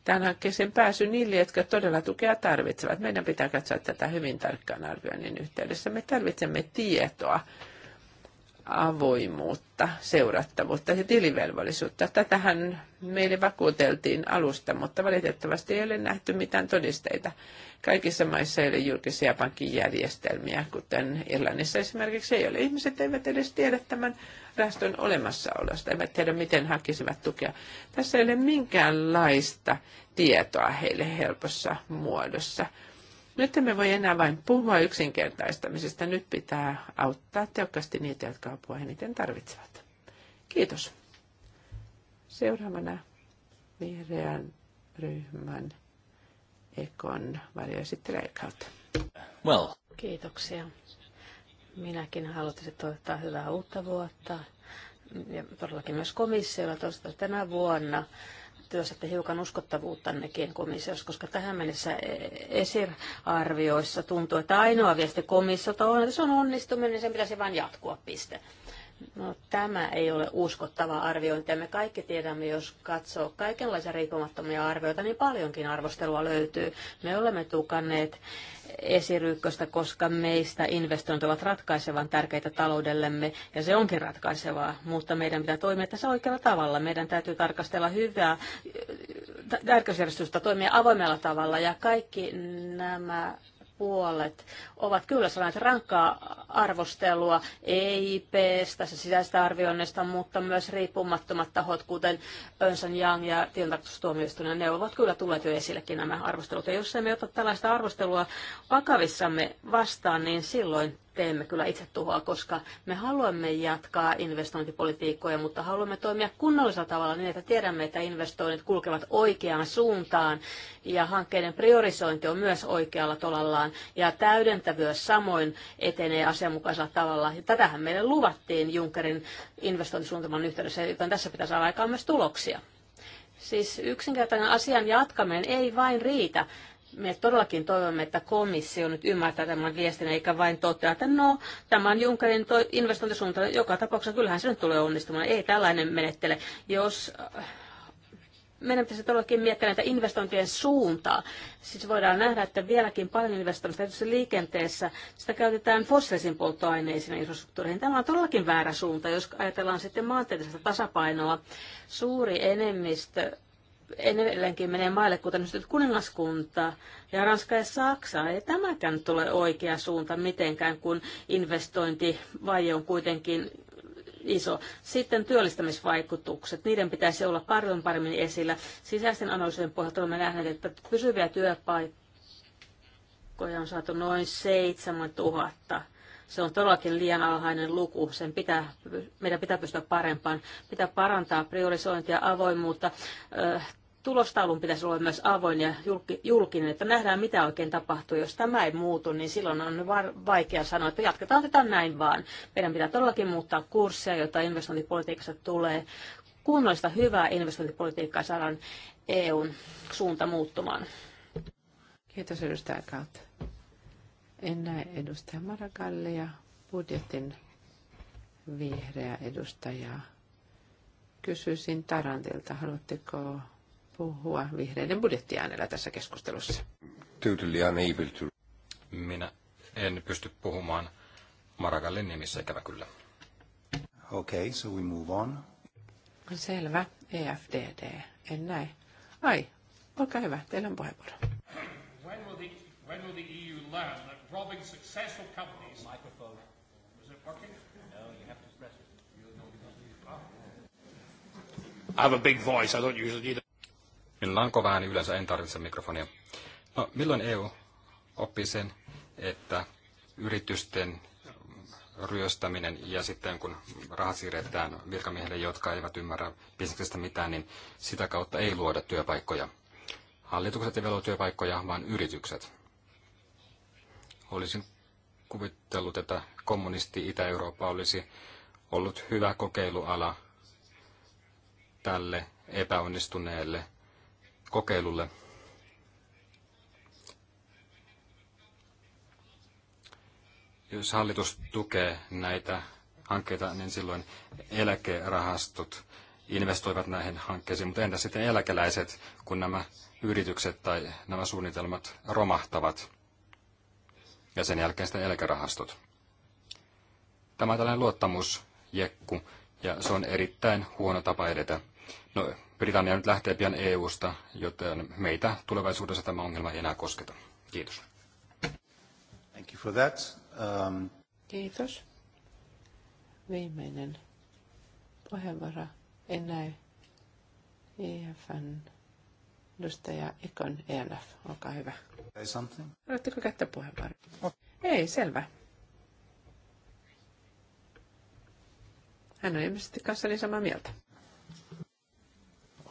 tähän hankkeeseen pääsy niille, jotka todella tukea tarvitsevat. Meidän pitää katsoa tätä hyvin tarkkaan arvioinnin yhteydessä. Me tarvitsemme tietoa avoimuutta, seurattavuutta ja tilivelvollisuutta. Tätähän meille vakuuteltiin alusta, mutta valitettavasti ei ole nähty mitään todisteita. Kaikissa maissa ei ole julkisia pankkijärjestelmiä, kuten Irlannissa esimerkiksi ei ole. Ihmiset eivät edes tiedä tämän rahaston olemassaolosta, eivät tiedä miten hakisivat tukea. Tässä ei ole minkäänlaista tietoa heille helpossa muodossa. Nyt emme voi enää vain puhua yksinkertaistamisesta. Nyt pitää auttaa tehokkaasti niitä, jotka apua eniten tarvitsevat. Kiitos. Seuraavana vihreän ryhmän Ekon varjoesittelijä kautta. Well. Kiitoksia. Minäkin haluaisin toivottaa hyvää uutta vuotta ja todellakin myös komissiolla toista tänä vuonna työstätte hiukan uskottavuuttannekin komissiossa, koska tähän mennessä esirarvioissa tuntuu, että ainoa viesti komissiota on, että se on onnistuminen, niin sen pitäisi vain jatkua, piste. No, tämä ei ole uskottava arviointi. Me kaikki tiedämme, jos katsoo kaikenlaisia riippumattomia arvioita, niin paljonkin arvostelua löytyy. Me olemme tukanneet esiryykköstä, koska meistä investoinnit ovat ratkaisevan tärkeitä taloudellemme, ja se onkin ratkaisevaa, mutta meidän pitää toimia tässä oikealla tavalla. Meidän täytyy tarkastella hyvää tärkeysjärjestystä, toimia avoimella tavalla, ja kaikki nämä puolet ovat kyllä saaneet rankkaa arvostelua EIPstä, se sisäistä arvioinnista, mutta myös riippumattomat tahot, kuten Önsen Young ja tilintarkastustuomioistuin, ne ovat kyllä tulleet jo esillekin nämä arvostelut. Ja jos emme ota tällaista arvostelua vakavissamme vastaan, niin silloin teemme kyllä itse tuhoa, koska me haluamme jatkaa investointipolitiikkoja, mutta haluamme toimia kunnollisella tavalla niin, että tiedämme, että investoinnit kulkevat oikeaan suuntaan ja hankkeiden priorisointi on myös oikealla tolallaan ja täydentävyö samoin etenee asianmukaisella tavalla. Ja tätähän meille luvattiin Junckerin investointisuunnitelman yhteydessä, joten tässä pitää saada aikaan myös tuloksia. Siis yksinkertainen asian jatkaminen ei vain riitä me todellakin toivomme, että komissio nyt ymmärtää tämän viestin, eikä vain totea, että no, tämä on Junckerin investointisuunta, joka tapauksessa kyllähän se nyt tulee onnistumaan. Ei tällainen menettele. Jos äh, meidän pitäisi todellakin miettiä näitä investointien suuntaa. Siis voidaan nähdä, että vieläkin paljon investoinnista tietysti liikenteessä, sitä käytetään fossiilisiin polttoaineisiin ja infrastruktuureihin. Tämä on todellakin väärä suunta, jos ajatellaan sitten maantieteellistä tasapainoa. Suuri enemmistö edelleenkin menee maille, kuten nyt kuningaskunta ja Ranska ja Saksa. Ei tämäkään tule oikea suunta mitenkään, kun investointivaje on kuitenkin iso. Sitten työllistämisvaikutukset, niiden pitäisi olla paljon paremmin esillä. Sisäisten analyysien pohjalta olemme nähneet, että pysyviä työpaikkoja on saatu noin 7000 se on todellakin liian alhainen luku. Sen pitää, meidän pitää pystyä parempaan. Pitää parantaa priorisointia, avoimuutta. Tulostaulun pitäisi olla myös avoin ja julkinen, että nähdään mitä oikein tapahtuu. Jos tämä ei muutu, niin silloin on vaikea sanoa, että jatketaan tätä näin vaan. Meidän pitää todellakin muuttaa kurssia, jota investointipolitiikassa tulee kunnollista hyvää investointipolitiikkaa saadaan EUn suunta muuttumaan. Kiitos edustaja Kautta. En näe edustaja ja budjetin vihreä edustajaa. Kysyisin Tarantilta, haluatteko puhua vihreiden budjettiäänellä tässä keskustelussa? Totally unable to. Minä en pysty puhumaan Maragallin nimissä, ikävä kyllä. Okay, so we move on. Selvä, EFDD. En näe. Ai, olkaa hyvä, teillä on puheenvuoro. When will the, when will the EU learn that robbing successful companies. Oh, Microphone. Was it working? No, you have to press it. I have a big voice. I don't usually need it. Minulla on kova ääni, yleensä en tarvitse mikrofonia. No, milloin EU oppi sen, että yritysten ryöstäminen ja sitten kun rahat siirretään virkamiehille, jotka eivät ymmärrä bisneksestä mitään, niin sitä kautta ei luoda työpaikkoja. Hallitukset eivät luo työpaikkoja, vaan yritykset. Olisin kuvitellut, että kommunisti Itä-Eurooppa olisi ollut hyvä kokeiluala tälle epäonnistuneelle kokeilulle. Jos hallitus tukee näitä hankkeita, niin silloin eläkerahastot investoivat näihin hankkeisiin. Mutta entä sitten eläkeläiset, kun nämä yritykset tai nämä suunnitelmat romahtavat? ja sen jälkeen sitten eläkerahastot. Tämä on tällainen luottamusjekku, ja se on erittäin huono tapa edetä. No, Britannia nyt lähtee pian EU-sta, joten meitä tulevaisuudessa tämä ongelma ei enää kosketa. Kiitos. Thank you for that. Um... Kiitos. Viimeinen puheenvuoro. En EFN Edustaja Ekon ELF, olkaa hyvä. Haluatteko käyttää puheenvuoron? Oh. Ei, selvä. Hän on ilmeisesti kanssani samaa mieltä.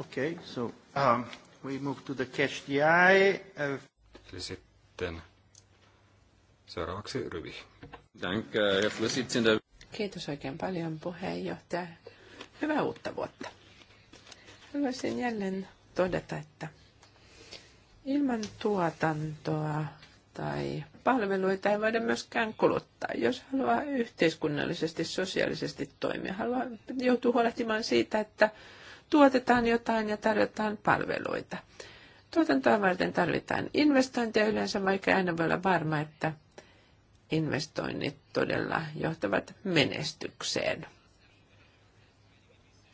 Okei, okay, so um, we move to the catch the eye. Uh... Eli sitten seuraavaksi Ryvi. Danke, Herr Kiitos oikein paljon puheenjohtaja. Hyvää uutta vuotta. Haluaisin jälleen todeta, että ilman tuotantoa tai palveluita ei voida myöskään kuluttaa. Jos haluaa yhteiskunnallisesti, sosiaalisesti toimia, haluaa, joutuu huolehtimaan siitä, että tuotetaan jotain ja tarjotaan palveluita. Tuotantoa varten tarvitaan investointeja yleensä, vaikka aina voi olla varma, että investoinnit todella johtavat menestykseen.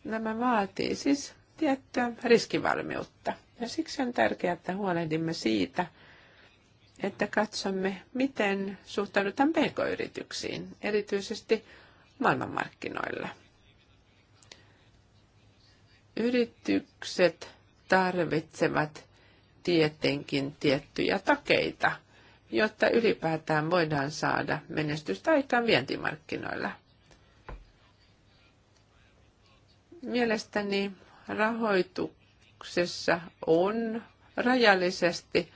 Nämä vaatii siis tiettyä riskivalmiutta. Ja siksi on tärkeää, että huolehdimme siitä, että katsomme, miten suhtaudutaan pk-yrityksiin, erityisesti maailmanmarkkinoilla. Yritykset tarvitsevat tietenkin tiettyjä takeita, jotta ylipäätään voidaan saada menestystä aikaan vientimarkkinoilla. Mielestäni rahoituksessa on rajallisesti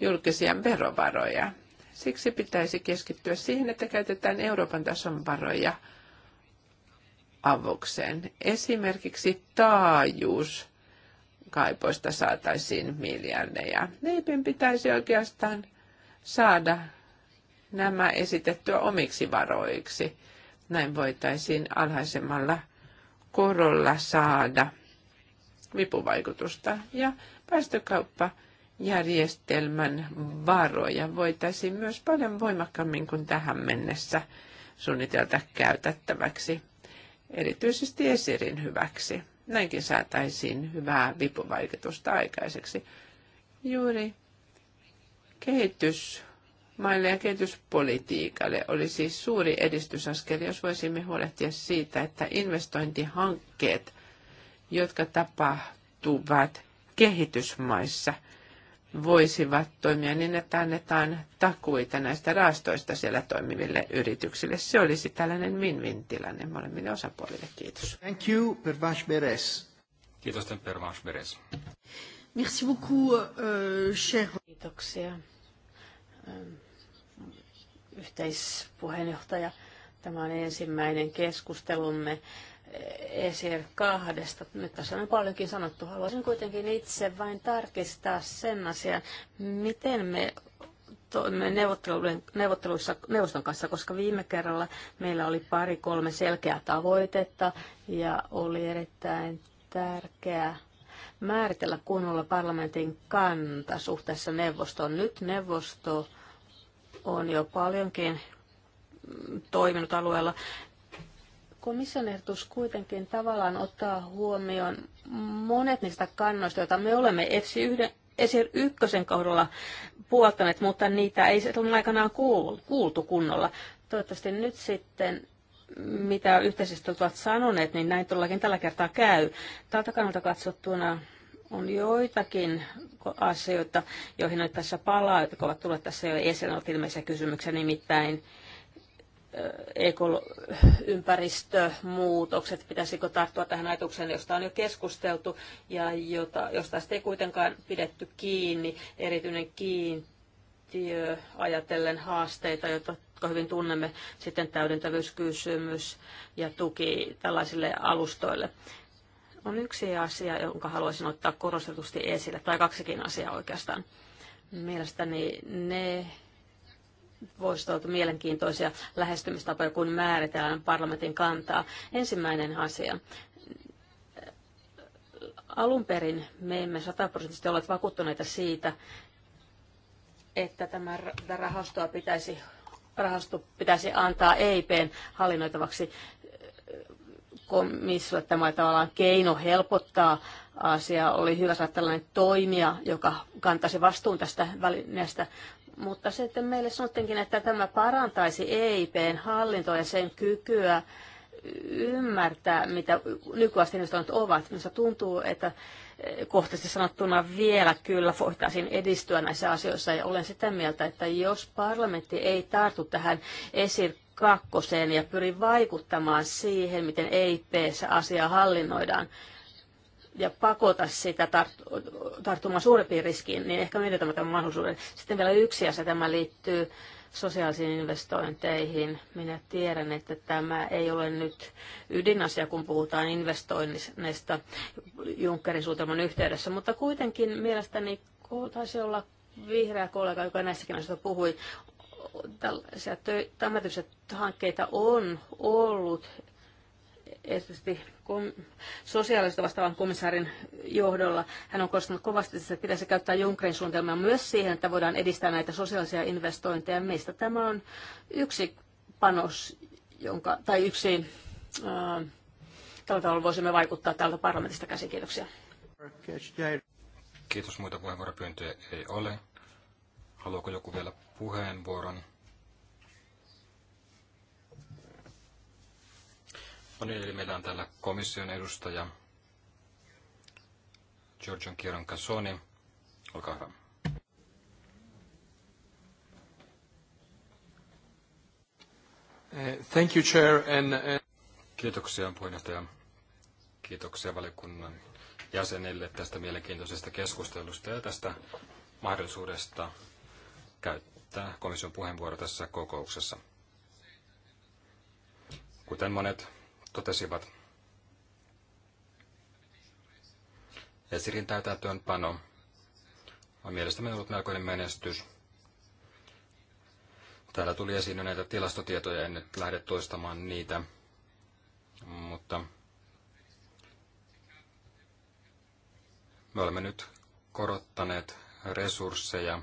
julkisia verovaroja. Siksi pitäisi keskittyä siihen, että käytetään Euroopan tason varoja avukseen. Esimerkiksi taajuus kaipoista saataisiin miljardeja. Neipin pitäisi oikeastaan saada nämä esitettyä omiksi varoiksi. Näin voitaisiin alhaisemmalla korolla saada vipuvaikutusta ja päästökauppajärjestelmän varoja voitaisiin myös paljon voimakkaammin kuin tähän mennessä suunnitelta käytettäväksi, erityisesti esirin hyväksi. Näinkin saataisiin hyvää vipuvaikutusta aikaiseksi. Juuri kehitysmaille ja kehityspolitiikalle olisi siis suuri edistysaskel, jos voisimme huolehtia siitä, että investointihankkeet – jotka tapahtuvat kehitysmaissa, voisivat toimia niin, että annetaan takuita näistä raastoista siellä toimiville yrityksille. Se olisi tällainen win-win tilanne molemmille osapuolille. Kiitos. Thank you, Pervash Beres. Kiitos, Pervash Beres. Merci beaucoup, uh, cher. Kiitoksia. Yhteispuheenjohtaja, tämä on ensimmäinen keskustelumme esir kahdesta. Nyt tässä on paljonkin sanottu. Haluaisin kuitenkin itse vain tarkistaa sen asian, miten me toimme neuvotteluissa neuvoston kanssa, koska viime kerralla meillä oli pari kolme selkeää tavoitetta ja oli erittäin tärkeää määritellä kunnolla parlamentin kanta suhteessa neuvostoon. Nyt neuvosto on jo paljonkin toiminut alueella Komission ehdotus kuitenkin tavallaan ottaa huomioon monet niistä kannoista, joita me olemme EFSI yhden, Esir ykkösen kaudella puoltaneet, mutta niitä ei silloin aikanaan kuultu kunnolla. Toivottavasti nyt sitten mitä yhteisöstöt ovat sanoneet, niin näin todellakin tällä kertaa käy. Tältä kannalta katsottuna on joitakin asioita, joihin nyt tässä palaa, jotka ovat tulleet tässä jo esille, ovat ilmeisiä kysymyksiä, nimittäin ympäristömuutokset, pitäisikö tarttua tähän ajatukseen, josta on jo keskusteltu ja jota, josta sitten ei kuitenkaan pidetty kiinni, erityinen kiintiö ajatellen haasteita, joita jotka hyvin tunnemme, sitten täydentävyyskysymys ja tuki tällaisille alustoille. On yksi asia, jonka haluaisin ottaa korostetusti esille, tai kaksikin asiaa oikeastaan. Mielestäni ne voisi olla mielenkiintoisia lähestymistapoja, kun määritellään parlamentin kantaa. Ensimmäinen asia. Alun perin me emme sataprosenttisesti ole vakuuttuneita siitä, että tämä rahastoa pitäisi, rahasto pitäisi antaa EIPn hallinnoitavaksi komissiolle. Tämä tavallaan keino helpottaa asiaa. Oli hyvä saada tällainen toimija, joka kantaisi vastuun tästä välineestä, mutta sitten meille sanottiinkin, että tämä parantaisi EIPn hallintoa ja sen kykyä ymmärtää, mitä nykyiset investoinnit ovat. Minusta tuntuu, että eh, kohtaisesti sanottuna vielä kyllä voitaisiin edistyä näissä asioissa. Ja olen sitä mieltä, että jos parlamentti ei tartu tähän esir kakkoseen ja pyri vaikuttamaan siihen, miten EIPssä asiaa hallinnoidaan, ja pakota sitä tarttumaan suurempiin riskiin, niin ehkä menetämme tämän mahdollisuuden. Sitten vielä yksi asia, tämä liittyy sosiaalisiin investointeihin. Minä tiedän, että tämä ei ole nyt ydinasia, kun puhutaan investoinnista Junckerin suunnitelman yhteydessä, mutta kuitenkin mielestäni taisi olla vihreä kollega, joka näissäkin asioissa puhui, tällaisia tämän hankkeita on ollut erityisesti kom- sosiaalista vastaavan komissaarin johdolla. Hän on korostanut kovasti, että pitäisi käyttää Junckerin suunnitelmaa myös siihen, että voidaan edistää näitä sosiaalisia investointeja. Meistä tämä on yksi panos, jonka, tai yksi, ää, tällä tavalla voisimme vaikuttaa täältä parlamentista käsin. Kiitoksia. Kiitos. Muita puheenvuoropyyntöjä ei ole. Haluaako joku vielä puheenvuoron? No niin, eli meillä on täällä komission edustaja Giorgio Kieron Cassoni. Olkaa hyvä. Eh, thank you, Chair. And, and... Eh, Kiitoksia puheenjohtaja. Kiitoksia valiokunnan jäsenille tästä mielenkiintoisesta keskustelusta ja tästä mahdollisuudesta käyttää komission puheenvuoro tässä kokouksessa. Kuten monet totesivat. Esirin pano on mielestäni ollut melkoinen menestys. Täällä tuli esiin jo näitä tilastotietoja, en nyt lähde toistamaan niitä, mutta me olemme nyt korottaneet resursseja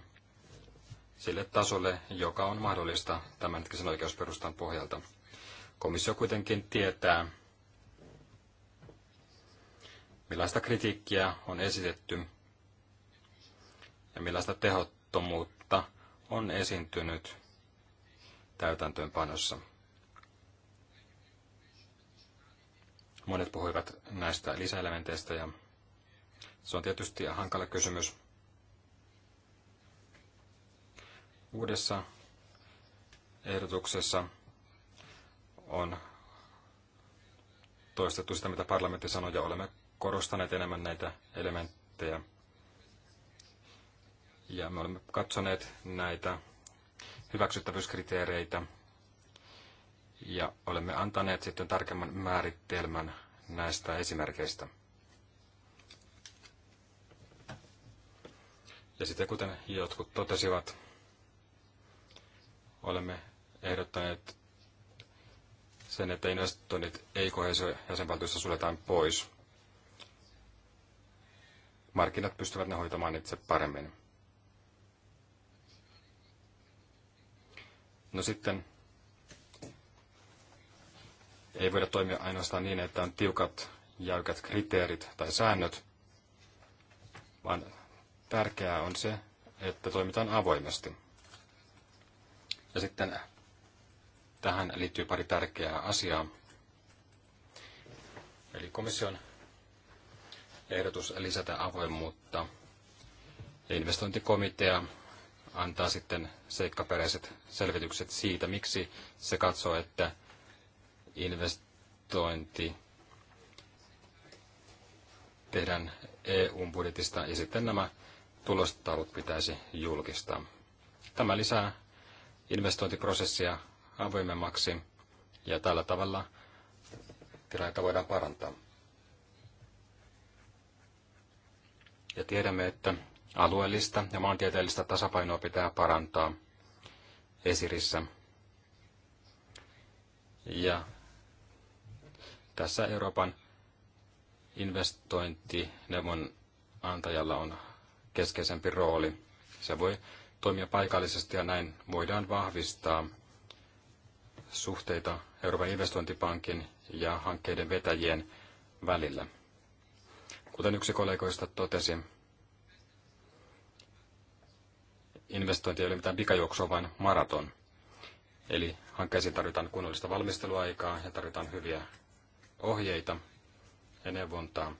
sille tasolle, joka on mahdollista tämänhetkisen oikeusperustan pohjalta. Komissio kuitenkin tietää, millaista kritiikkiä on esitetty ja millaista tehottomuutta on esiintynyt täytäntöönpanossa. Monet puhuivat näistä lisäelementeistä ja se on tietysti hankala kysymys. Uudessa ehdotuksessa on toistettu sitä, mitä parlamentti sanoi, ja olemme korostaneet enemmän näitä elementtejä. Ja me olemme katsoneet näitä hyväksyttävyyskriteereitä ja olemme antaneet sitten tarkemman määritelmän näistä esimerkkeistä. Ja sitten kuten jotkut totesivat, olemme ehdottaneet sen, että investoinnit ei kohesio jäsenvaltioissa suljetaan pois. Markkinat pystyvät ne hoitamaan itse paremmin. No sitten ei voida toimia ainoastaan niin, että on tiukat jäykät kriteerit tai säännöt, vaan tärkeää on se, että toimitaan avoimesti. Ja sitten Tähän liittyy pari tärkeää asiaa. Eli komission ehdotus lisätä avoimuutta ja investointikomitea antaa sitten seikkaperäiset selvitykset siitä, miksi se katsoo, että investointi tehdään EU-budjetista ja sitten nämä tulostaulut pitäisi julkistaa. Tämä lisää investointiprosessia avoimemmaksi ja tällä tavalla tilannetta voidaan parantaa. Ja tiedämme, että alueellista ja maantieteellistä tasapainoa pitää parantaa esirissä. Ja tässä Euroopan investointineuvon antajalla on keskeisempi rooli. Se voi toimia paikallisesti ja näin voidaan vahvistaa suhteita Euroopan investointipankin ja hankkeiden vetäjien välillä. Kuten yksi kollegoista totesi, investointi ei ole mitään pikajuoksua, vaan maraton. Eli hankkeisiin tarvitaan kunnollista valmisteluaikaa ja tarvitaan hyviä ohjeita ja neuvontaa.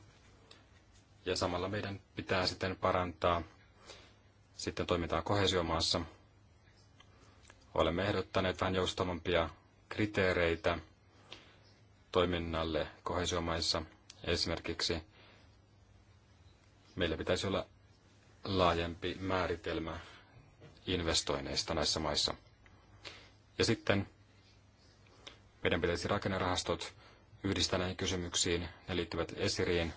Ja samalla meidän pitää sitten parantaa sitten toimintaa kohesiomaassa. Olemme ehdottaneet vähän joustavampia kriteereitä toiminnalle kohesiomaissa. Esimerkiksi meillä pitäisi olla laajempi määritelmä investoinneista näissä maissa. Ja sitten meidän pitäisi rakennerahastot yhdistää näihin kysymyksiin. Ne liittyvät esiriin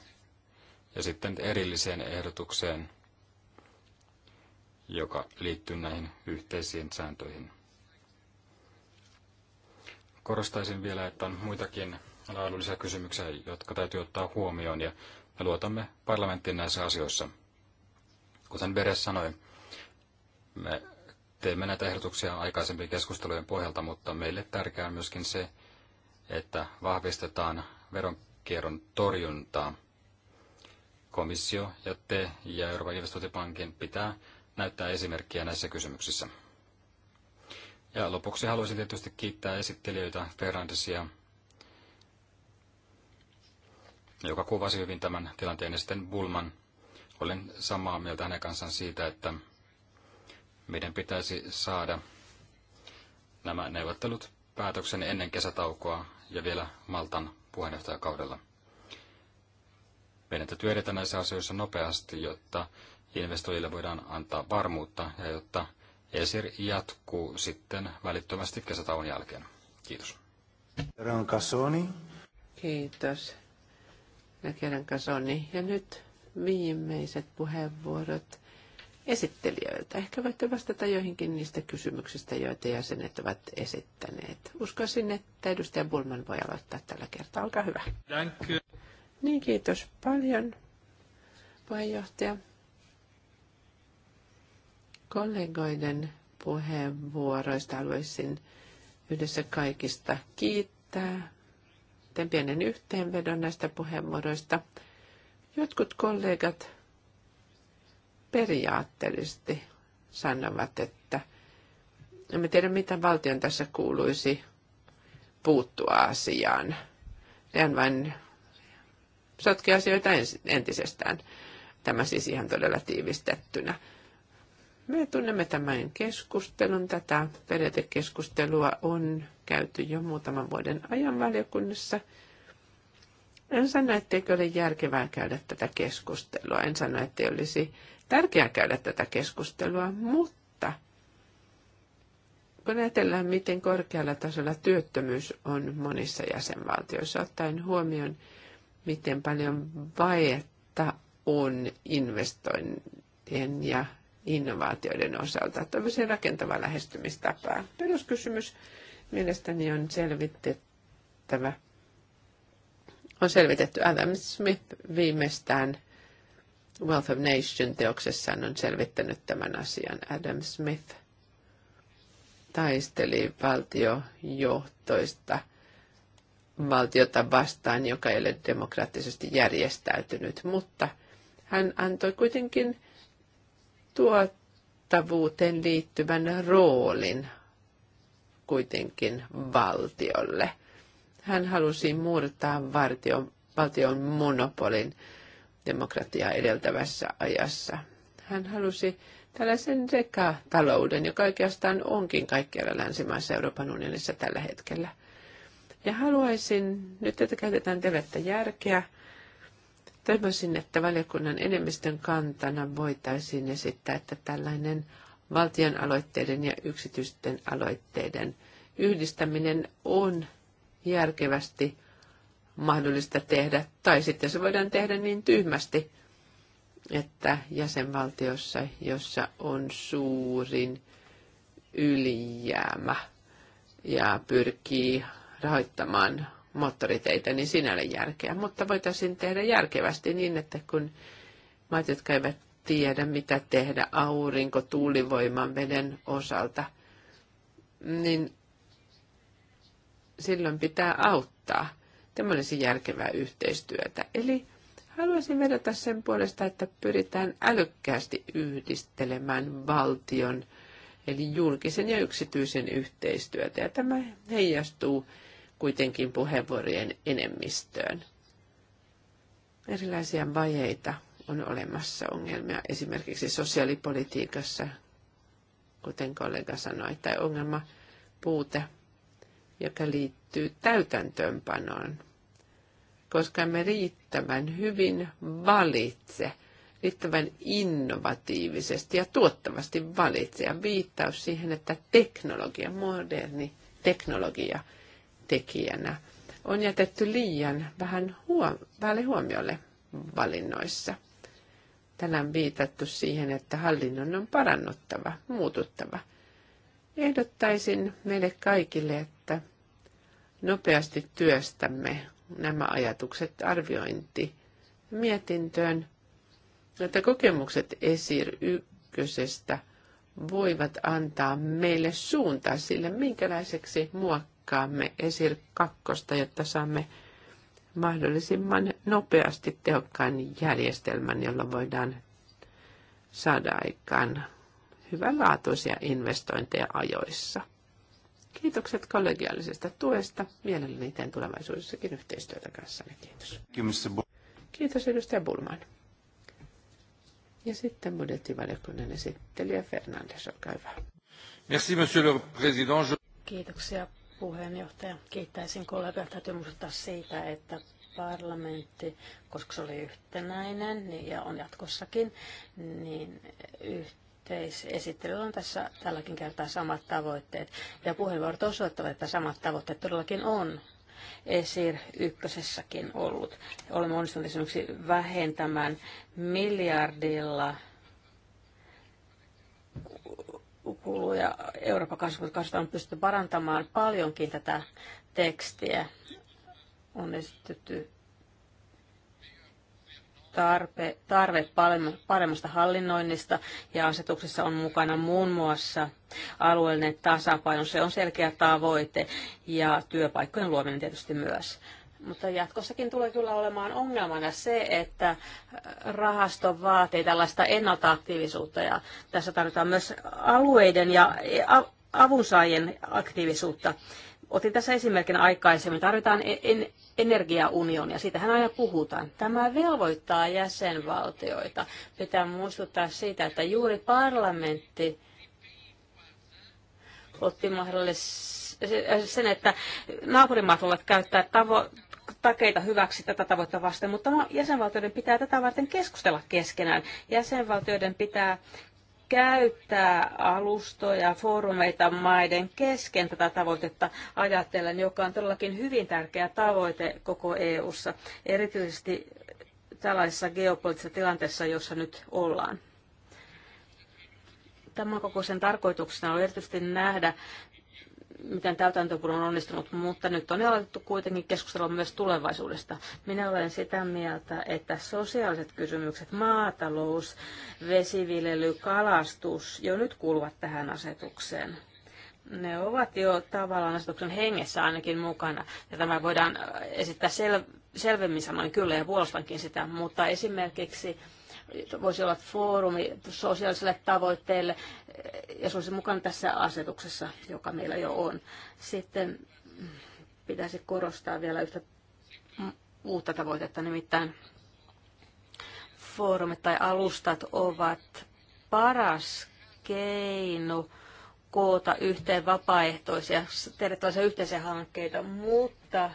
ja sitten erilliseen ehdotukseen, joka liittyy näihin yhteisiin sääntöihin korostaisin vielä, että on muitakin laadullisia kysymyksiä, jotka täytyy ottaa huomioon ja me luotamme parlamenttiin näissä asioissa. Kuten Veres sanoi, me teemme näitä ehdotuksia aikaisempien keskustelujen pohjalta, mutta meille tärkeää on myöskin se, että vahvistetaan veronkierron torjuntaa. Komissio ja te ja Euroopan investointipankin pitää näyttää esimerkkiä näissä kysymyksissä. Ja lopuksi haluaisin tietysti kiittää esittelijöitä Ferrandesia, joka kuvasi hyvin tämän tilanteen, ja sitten Bulman. Olen samaa mieltä hänen kanssaan siitä, että meidän pitäisi saada nämä neuvottelut päätöksen ennen kesätaukoa ja vielä Maltan puheenjohtajakaudella. Meidän täytyy edetä näissä asioissa nopeasti, jotta investoijille voidaan antaa varmuutta ja jotta ESIR jatkuu sitten välittömästi kesätauon jälkeen. Kiitos. Kasoni. Kiitos. Kasoni. Ja nyt viimeiset puheenvuorot esittelijöiltä. Ehkä voitte vastata joihinkin niistä kysymyksistä, joita jäsenet ovat esittäneet. Uskoisin, että edustaja Bulman voi aloittaa tällä kertaa. Olkaa hyvä. you. Niin, kiitos paljon, puheenjohtaja kollegoiden puheenvuoroista haluaisin yhdessä kaikista kiittää. Teen pienen yhteenvedon näistä puheenvuoroista. Jotkut kollegat periaatteellisesti sanovat, että emme tiedä, mitä valtion tässä kuuluisi puuttua asiaan. Nehän vain sotkea asioita entisestään. Tämä siis ihan todella tiivistettynä. Me tunnemme tämän keskustelun. Tätä periaatekeskustelua on käyty jo muutaman vuoden ajan valiokunnassa. En sano, etteikö ole järkevää käydä tätä keskustelua. En sano, ettei olisi tärkeää käydä tätä keskustelua, mutta kun ajatellaan, miten korkealla tasolla työttömyys on monissa jäsenvaltioissa, ottaen huomioon, miten paljon vaietta on investointien ja innovaatioiden osalta, tämmöisen rakentava lähestymistapa. Peruskysymys mielestäni on selvitettävä, on selvitetty Adam Smith viimeistään Wealth of Nation teoksessaan on selvittänyt tämän asian. Adam Smith taisteli valtiojohtoista valtiota vastaan, joka ei ole demokraattisesti järjestäytynyt, mutta hän antoi kuitenkin tuottavuuteen liittyvän roolin kuitenkin valtiolle. Hän halusi murtaa valtion valtion monopolin demokratiaa edeltävässä ajassa. Hän halusi tällaisen rekatalouden, joka oikeastaan onkin kaikkialla länsimaissa Euroopan unionissa tällä hetkellä. Ja haluaisin nyt, että käytetään tervettä järkeä Toivoisin, että valiokunnan enemmistön kantana voitaisiin esittää, että tällainen valtion aloitteiden ja yksityisten aloitteiden yhdistäminen on järkevästi mahdollista tehdä, tai sitten se voidaan tehdä niin tyhmästi, että jäsenvaltiossa, jossa on suurin ylijäämä ja pyrkii rahoittamaan moottoriteitä, niin siinä ei järkeä. Mutta voitaisiin tehdä järkevästi niin, että kun maat, jotka eivät tiedä, mitä tehdä aurinko, tuulivoiman, veden osalta, niin silloin pitää auttaa. Tämä olisi järkevää yhteistyötä. Eli haluaisin vedota sen puolesta, että pyritään älykkäästi yhdistelemään valtion, eli julkisen ja yksityisen yhteistyötä. Ja tämä heijastuu kuitenkin puheenvuorojen enemmistöön. Erilaisia vajeita on olemassa ongelmia esimerkiksi sosiaalipolitiikassa, kuten kollega sanoi, tai ongelma puute, joka liittyy täytäntöönpanoon, koska me riittävän hyvin valitse, riittävän innovatiivisesti ja tuottavasti valitse. Ja viittaus siihen, että teknologia, moderni teknologia – tekijänä on jätetty liian vähän huom- vähälle huomiolle valinnoissa. Tänään viitattu siihen, että hallinnon on parannuttava, muututtava. Ehdottaisin meille kaikille, että nopeasti työstämme nämä ajatukset arviointi mietintöön, että kokemukset esir ykkösestä voivat antaa meille suuntaa sille, minkälaiseksi muokkaamme jatkamme ESIR 2, jotta saamme mahdollisimman nopeasti tehokkaan järjestelmän, jolla voidaan saada aikaan hyvänlaatuisia investointeja ajoissa. Kiitokset kollegiaalisesta tuesta. Mielelläni teen tulevaisuudessakin yhteistyötä kanssanne. Kiitos. Kiitos edustaja Bulman. Ja sitten budjettivaliokunnan esittelijä Fernandes, olkaa hyvä. Merci, monsieur le président. Kiitoksia puheenjohtaja. Kiittäisin kollegaa. Täytyy muistuttaa siitä, että parlamentti, koska se oli yhtenäinen niin ja on jatkossakin, niin yhteisesittelyllä on tässä tälläkin kertaa samat tavoitteet. Ja puheenvuorot osoittavat, että samat tavoitteet todellakin on ESIR ykkösessäkin ollut. Olemme onnistuneet esimerkiksi vähentämään miljardilla ja Euroopan 2020 on pystytty parantamaan paljonkin tätä tekstiä. On esitetty tarpe, tarve paremmasta hallinnoinnista ja asetuksessa on mukana muun muassa alueellinen tasapaino. Se on selkeä tavoite ja työpaikkojen luominen tietysti myös. Mutta jatkossakin tulee kyllä olemaan ongelmana se, että rahasto vaatii tällaista ennaltaaktiivisuutta ja tässä tarvitaan myös alueiden ja avunsaajien aktiivisuutta. Otin tässä esimerkkinä aikaisemmin, tarvitaan e- en, energiaunioni ja siitähän aina puhutaan. Tämä velvoittaa jäsenvaltioita. Pitää muistuttaa siitä, että juuri parlamentti otti mahdollis sen, että naapurimaat voivat käyttää tavo- takeita hyväksi tätä tavoitetta vasten, mutta jäsenvaltioiden pitää tätä varten keskustella keskenään. Jäsenvaltioiden pitää käyttää alustoja, foorumeita maiden kesken tätä tavoitetta ajatellen, joka on todellakin hyvin tärkeä tavoite koko EU:ssa, erityisesti tällaisessa geopoliittisessa tilanteessa, jossa nyt ollaan. Tämän kokoisen tarkoituksena on erityisesti nähdä, miten täytäntöpuro on onnistunut, mutta nyt on aloitettu kuitenkin keskustella myös tulevaisuudesta. Minä olen sitä mieltä, että sosiaaliset kysymykset, maatalous, vesiviljely, kalastus jo nyt kuuluvat tähän asetukseen. Ne ovat jo tavallaan asetuksen hengessä ainakin mukana, ja tämä voidaan esittää sel- selvemmin sanoin kyllä, ja puolustankin sitä, mutta esimerkiksi voisi olla foorumi sosiaalisille tavoitteille, ja se olisi mukana tässä asetuksessa, joka meillä jo on. Sitten pitäisi korostaa vielä yhtä uutta tavoitetta, nimittäin foorumit tai alustat ovat paras keino koota yhteen vapaaehtoisia, tehdä tällaisia yhteisiä hankkeita, mutta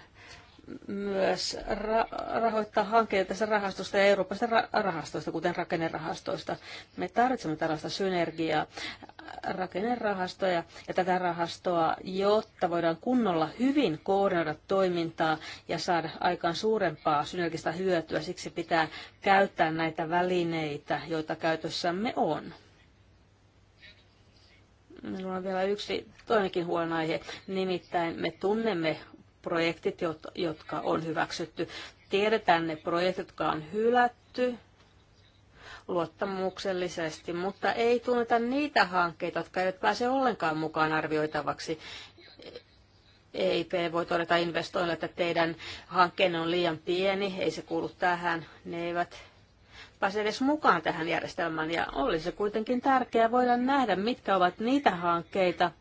myös ra- rahoittaa hankkeita tässä rahastosta ja Euroopasta ra- rahastoista, kuten rakennerahastoista. Me tarvitsemme tällaista synergiaa rakennerahastoja ja tätä rahastoa, jotta voidaan kunnolla hyvin koordinoida toimintaa ja saada aikaan suurempaa synergistä hyötyä. Siksi pitää käyttää näitä välineitä, joita käytössämme on. Minulla on vielä yksi toinenkin huolenaihe, nimittäin me tunnemme projektit, jotka on hyväksytty. Tiedetään ne projektit, jotka on hylätty luottamuksellisesti, mutta ei tunneta niitä hankkeita, jotka eivät pääse ollenkaan mukaan arvioitavaksi. EIP voi todeta investoinnille, että teidän hankkeenne on liian pieni, ei se kuulu tähän, ne eivät pääse edes mukaan tähän järjestelmään. Ja olisi kuitenkin tärkeää voida nähdä, mitkä ovat niitä hankkeita,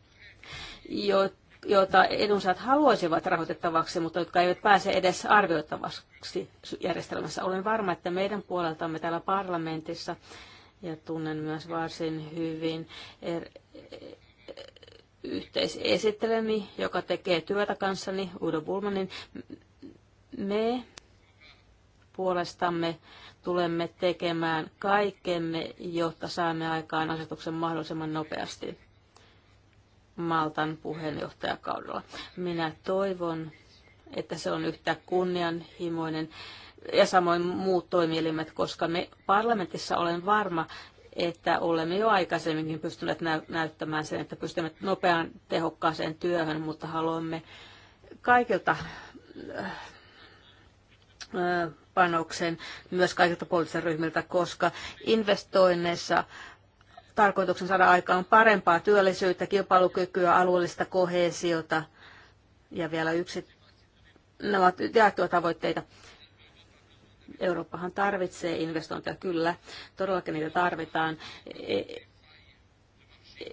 joita joita edunsaat haluaisivat rahoitettavaksi, mutta jotka eivät pääse edes arvioittavaksi järjestelmässä. Olen varma, että meidän puoleltamme täällä parlamentissa, ja tunnen myös varsin hyvin er, yhteisesittelemi, joka tekee työtä kanssani, Udo Bulmanin, me puolestamme tulemme tekemään kaikkemme, jotta saamme aikaan asetuksen mahdollisimman nopeasti Maltan puheenjohtajakaudella. Minä toivon, että se on yhtä kunnianhimoinen ja samoin muut toimielimet, koska me parlamentissa olen varma, että olemme jo aikaisemminkin pystyneet näyttämään sen, että pystymme nopeaan tehokkaaseen työhön, mutta haluamme kaikilta äh, äh, panoksen myös kaikilta poliittisilta ryhmiltä, koska investoinneissa tarkoituksen saada aikaan parempaa työllisyyttä, kilpailukykyä, alueellista kohesiota ja vielä yksi, ne ovat jaettuja tavoitteita. Eurooppahan tarvitsee investointeja, kyllä, todellakin niitä tarvitaan. E-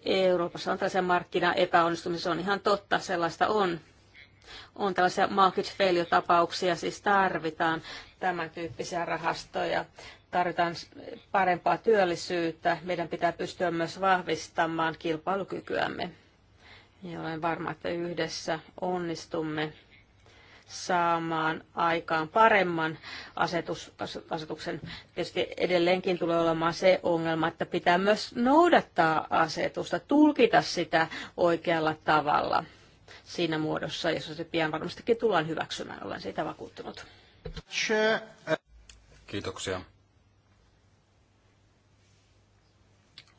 Euroopassa on tällaisia markkinaepäonnistumisia, se on ihan totta, sellaista on. On tällaisia market failure-tapauksia, siis tarvitaan tämän tyyppisiä rahastoja tarvitaan parempaa työllisyyttä, meidän pitää pystyä myös vahvistamaan kilpailukykyämme. Ja olen varma, että yhdessä onnistumme saamaan aikaan paremman asetus, asetuksen. Tietysti edelleenkin tulee olemaan se ongelma, että pitää myös noudattaa asetusta, tulkita sitä oikealla tavalla siinä muodossa, jossa se pian varmastikin tullaan hyväksymään. Olen siitä vakuuttunut. Uh- Kiitoksia.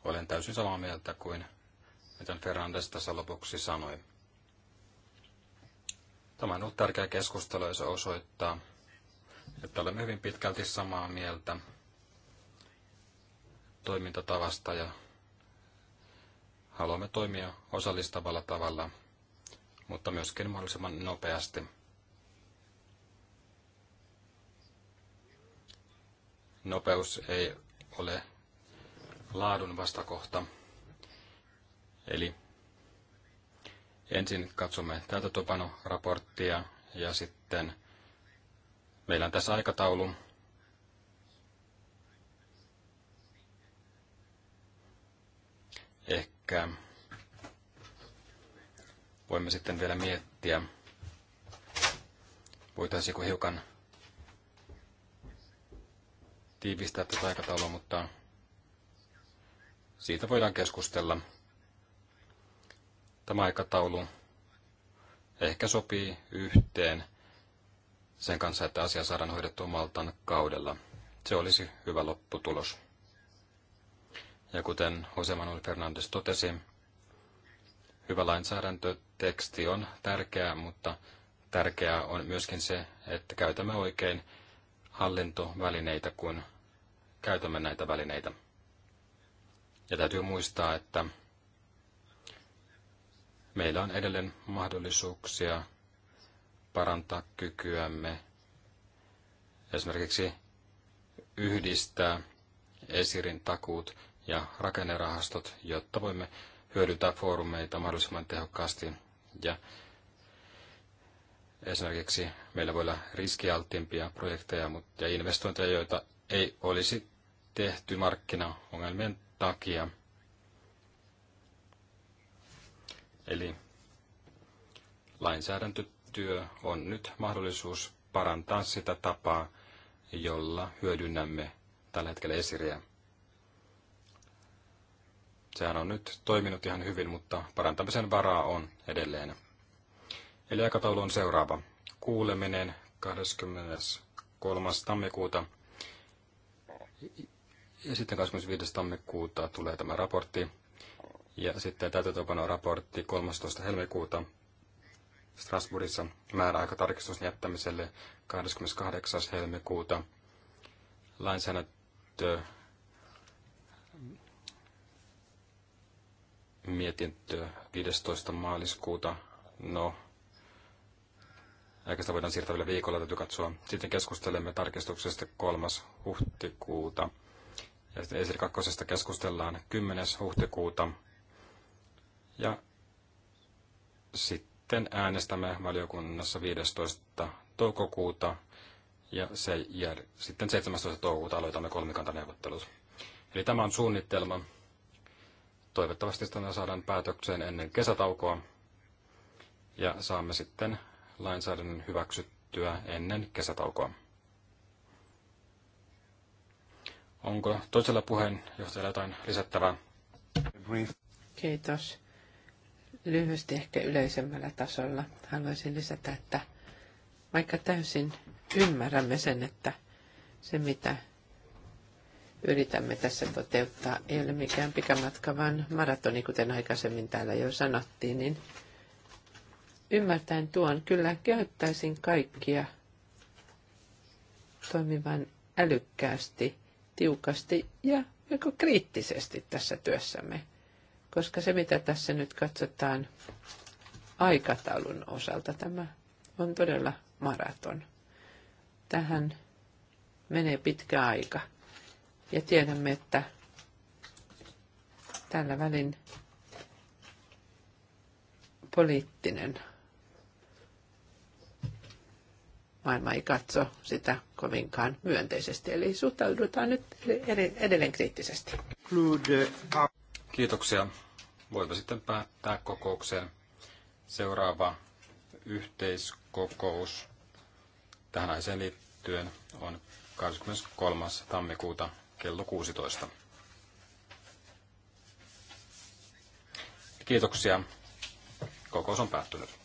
olen täysin samaa mieltä kuin mitä Fernandes tässä lopuksi sanoi. Tämä on ollut tärkeä keskustelu ja se osoittaa, että olemme hyvin pitkälti samaa mieltä toimintatavasta ja haluamme toimia osallistavalla tavalla, mutta myöskin mahdollisimman nopeasti. Nopeus ei ole laadun vastakohta. Eli ensin katsomme täytäntöpanoraporttia ja sitten meillä on tässä aikataulu. Ehkä voimme sitten vielä miettiä, voitaisiinko hiukan tiivistää tätä aikataulua, mutta siitä voidaan keskustella. Tämä aikataulu ehkä sopii yhteen sen kanssa, että asia saadaan hoidettua Maltan kaudella. Se olisi hyvä lopputulos. Ja kuten Jose Manuel Fernandes totesi, hyvä lainsäädäntöteksti on tärkeää, mutta tärkeää on myöskin se, että käytämme oikein hallintovälineitä, kun käytämme näitä välineitä. Ja täytyy muistaa, että meillä on edelleen mahdollisuuksia parantaa kykyämme esimerkiksi yhdistää esirin takuut ja rakennerahastot, jotta voimme hyödyntää foorumeita mahdollisimman tehokkaasti. Ja esimerkiksi meillä voi olla riskialttiimpia projekteja ja investointeja, joita ei olisi tehty markkinaongelmien takia. Eli lainsäädäntötyö on nyt mahdollisuus parantaa sitä tapaa, jolla hyödynnämme tällä hetkellä esiriä. Sehän on nyt toiminut ihan hyvin, mutta parantamisen varaa on edelleen. Eli aikataulu on seuraava. Kuuleminen 23. tammikuuta ja sitten 25. tammikuuta tulee tämä raportti. Ja sitten täytetopano raportti 13. helmikuuta Strasbourgissa määräaikatarkistus jättämiselle 28. helmikuuta. Lainsäädäntö mietintö 15. maaliskuuta. No, sitä voidaan siirtää vielä viikolla, täytyy katsoa. Sitten keskustelemme tarkistuksesta 3. huhtikuuta ja sitten ESIR 2. keskustellaan 10. huhtikuuta. Ja sitten äänestämme valiokunnassa 15. toukokuuta ja se jär, sitten 17. toukokuuta aloitamme kolmikantaneuvottelut. Eli tämä on suunnitelma. Toivottavasti tämä saadaan päätökseen ennen kesätaukoa ja saamme sitten lainsäädännön hyväksyttyä ennen kesätaukoa. Onko toisella puheenjohtajalla jotain lisättävää? Kiitos. Lyhyesti ehkä yleisemmällä tasolla haluaisin lisätä, että vaikka täysin ymmärrämme sen, että se mitä yritämme tässä toteuttaa ei ole mikään pikamatka, vaan maratoni, kuten aikaisemmin täällä jo sanottiin, niin ymmärtäen tuon kyllä kehottaisin kaikkia toimivan älykkäästi tiukasti ja joko kriittisesti tässä työssämme, koska se mitä tässä nyt katsotaan aikataulun osalta, tämä on todella maraton. Tähän menee pitkä aika ja tiedämme, että tällä välin poliittinen maailma ei katso sitä kovinkaan myönteisesti. Eli suhtaudutaan nyt edelleen kriittisesti. Kiitoksia. Voimme sitten päättää kokouksen. Seuraava yhteiskokous tähän aiheeseen liittyen on 23. tammikuuta kello 16. Kiitoksia. Kokous on päättynyt.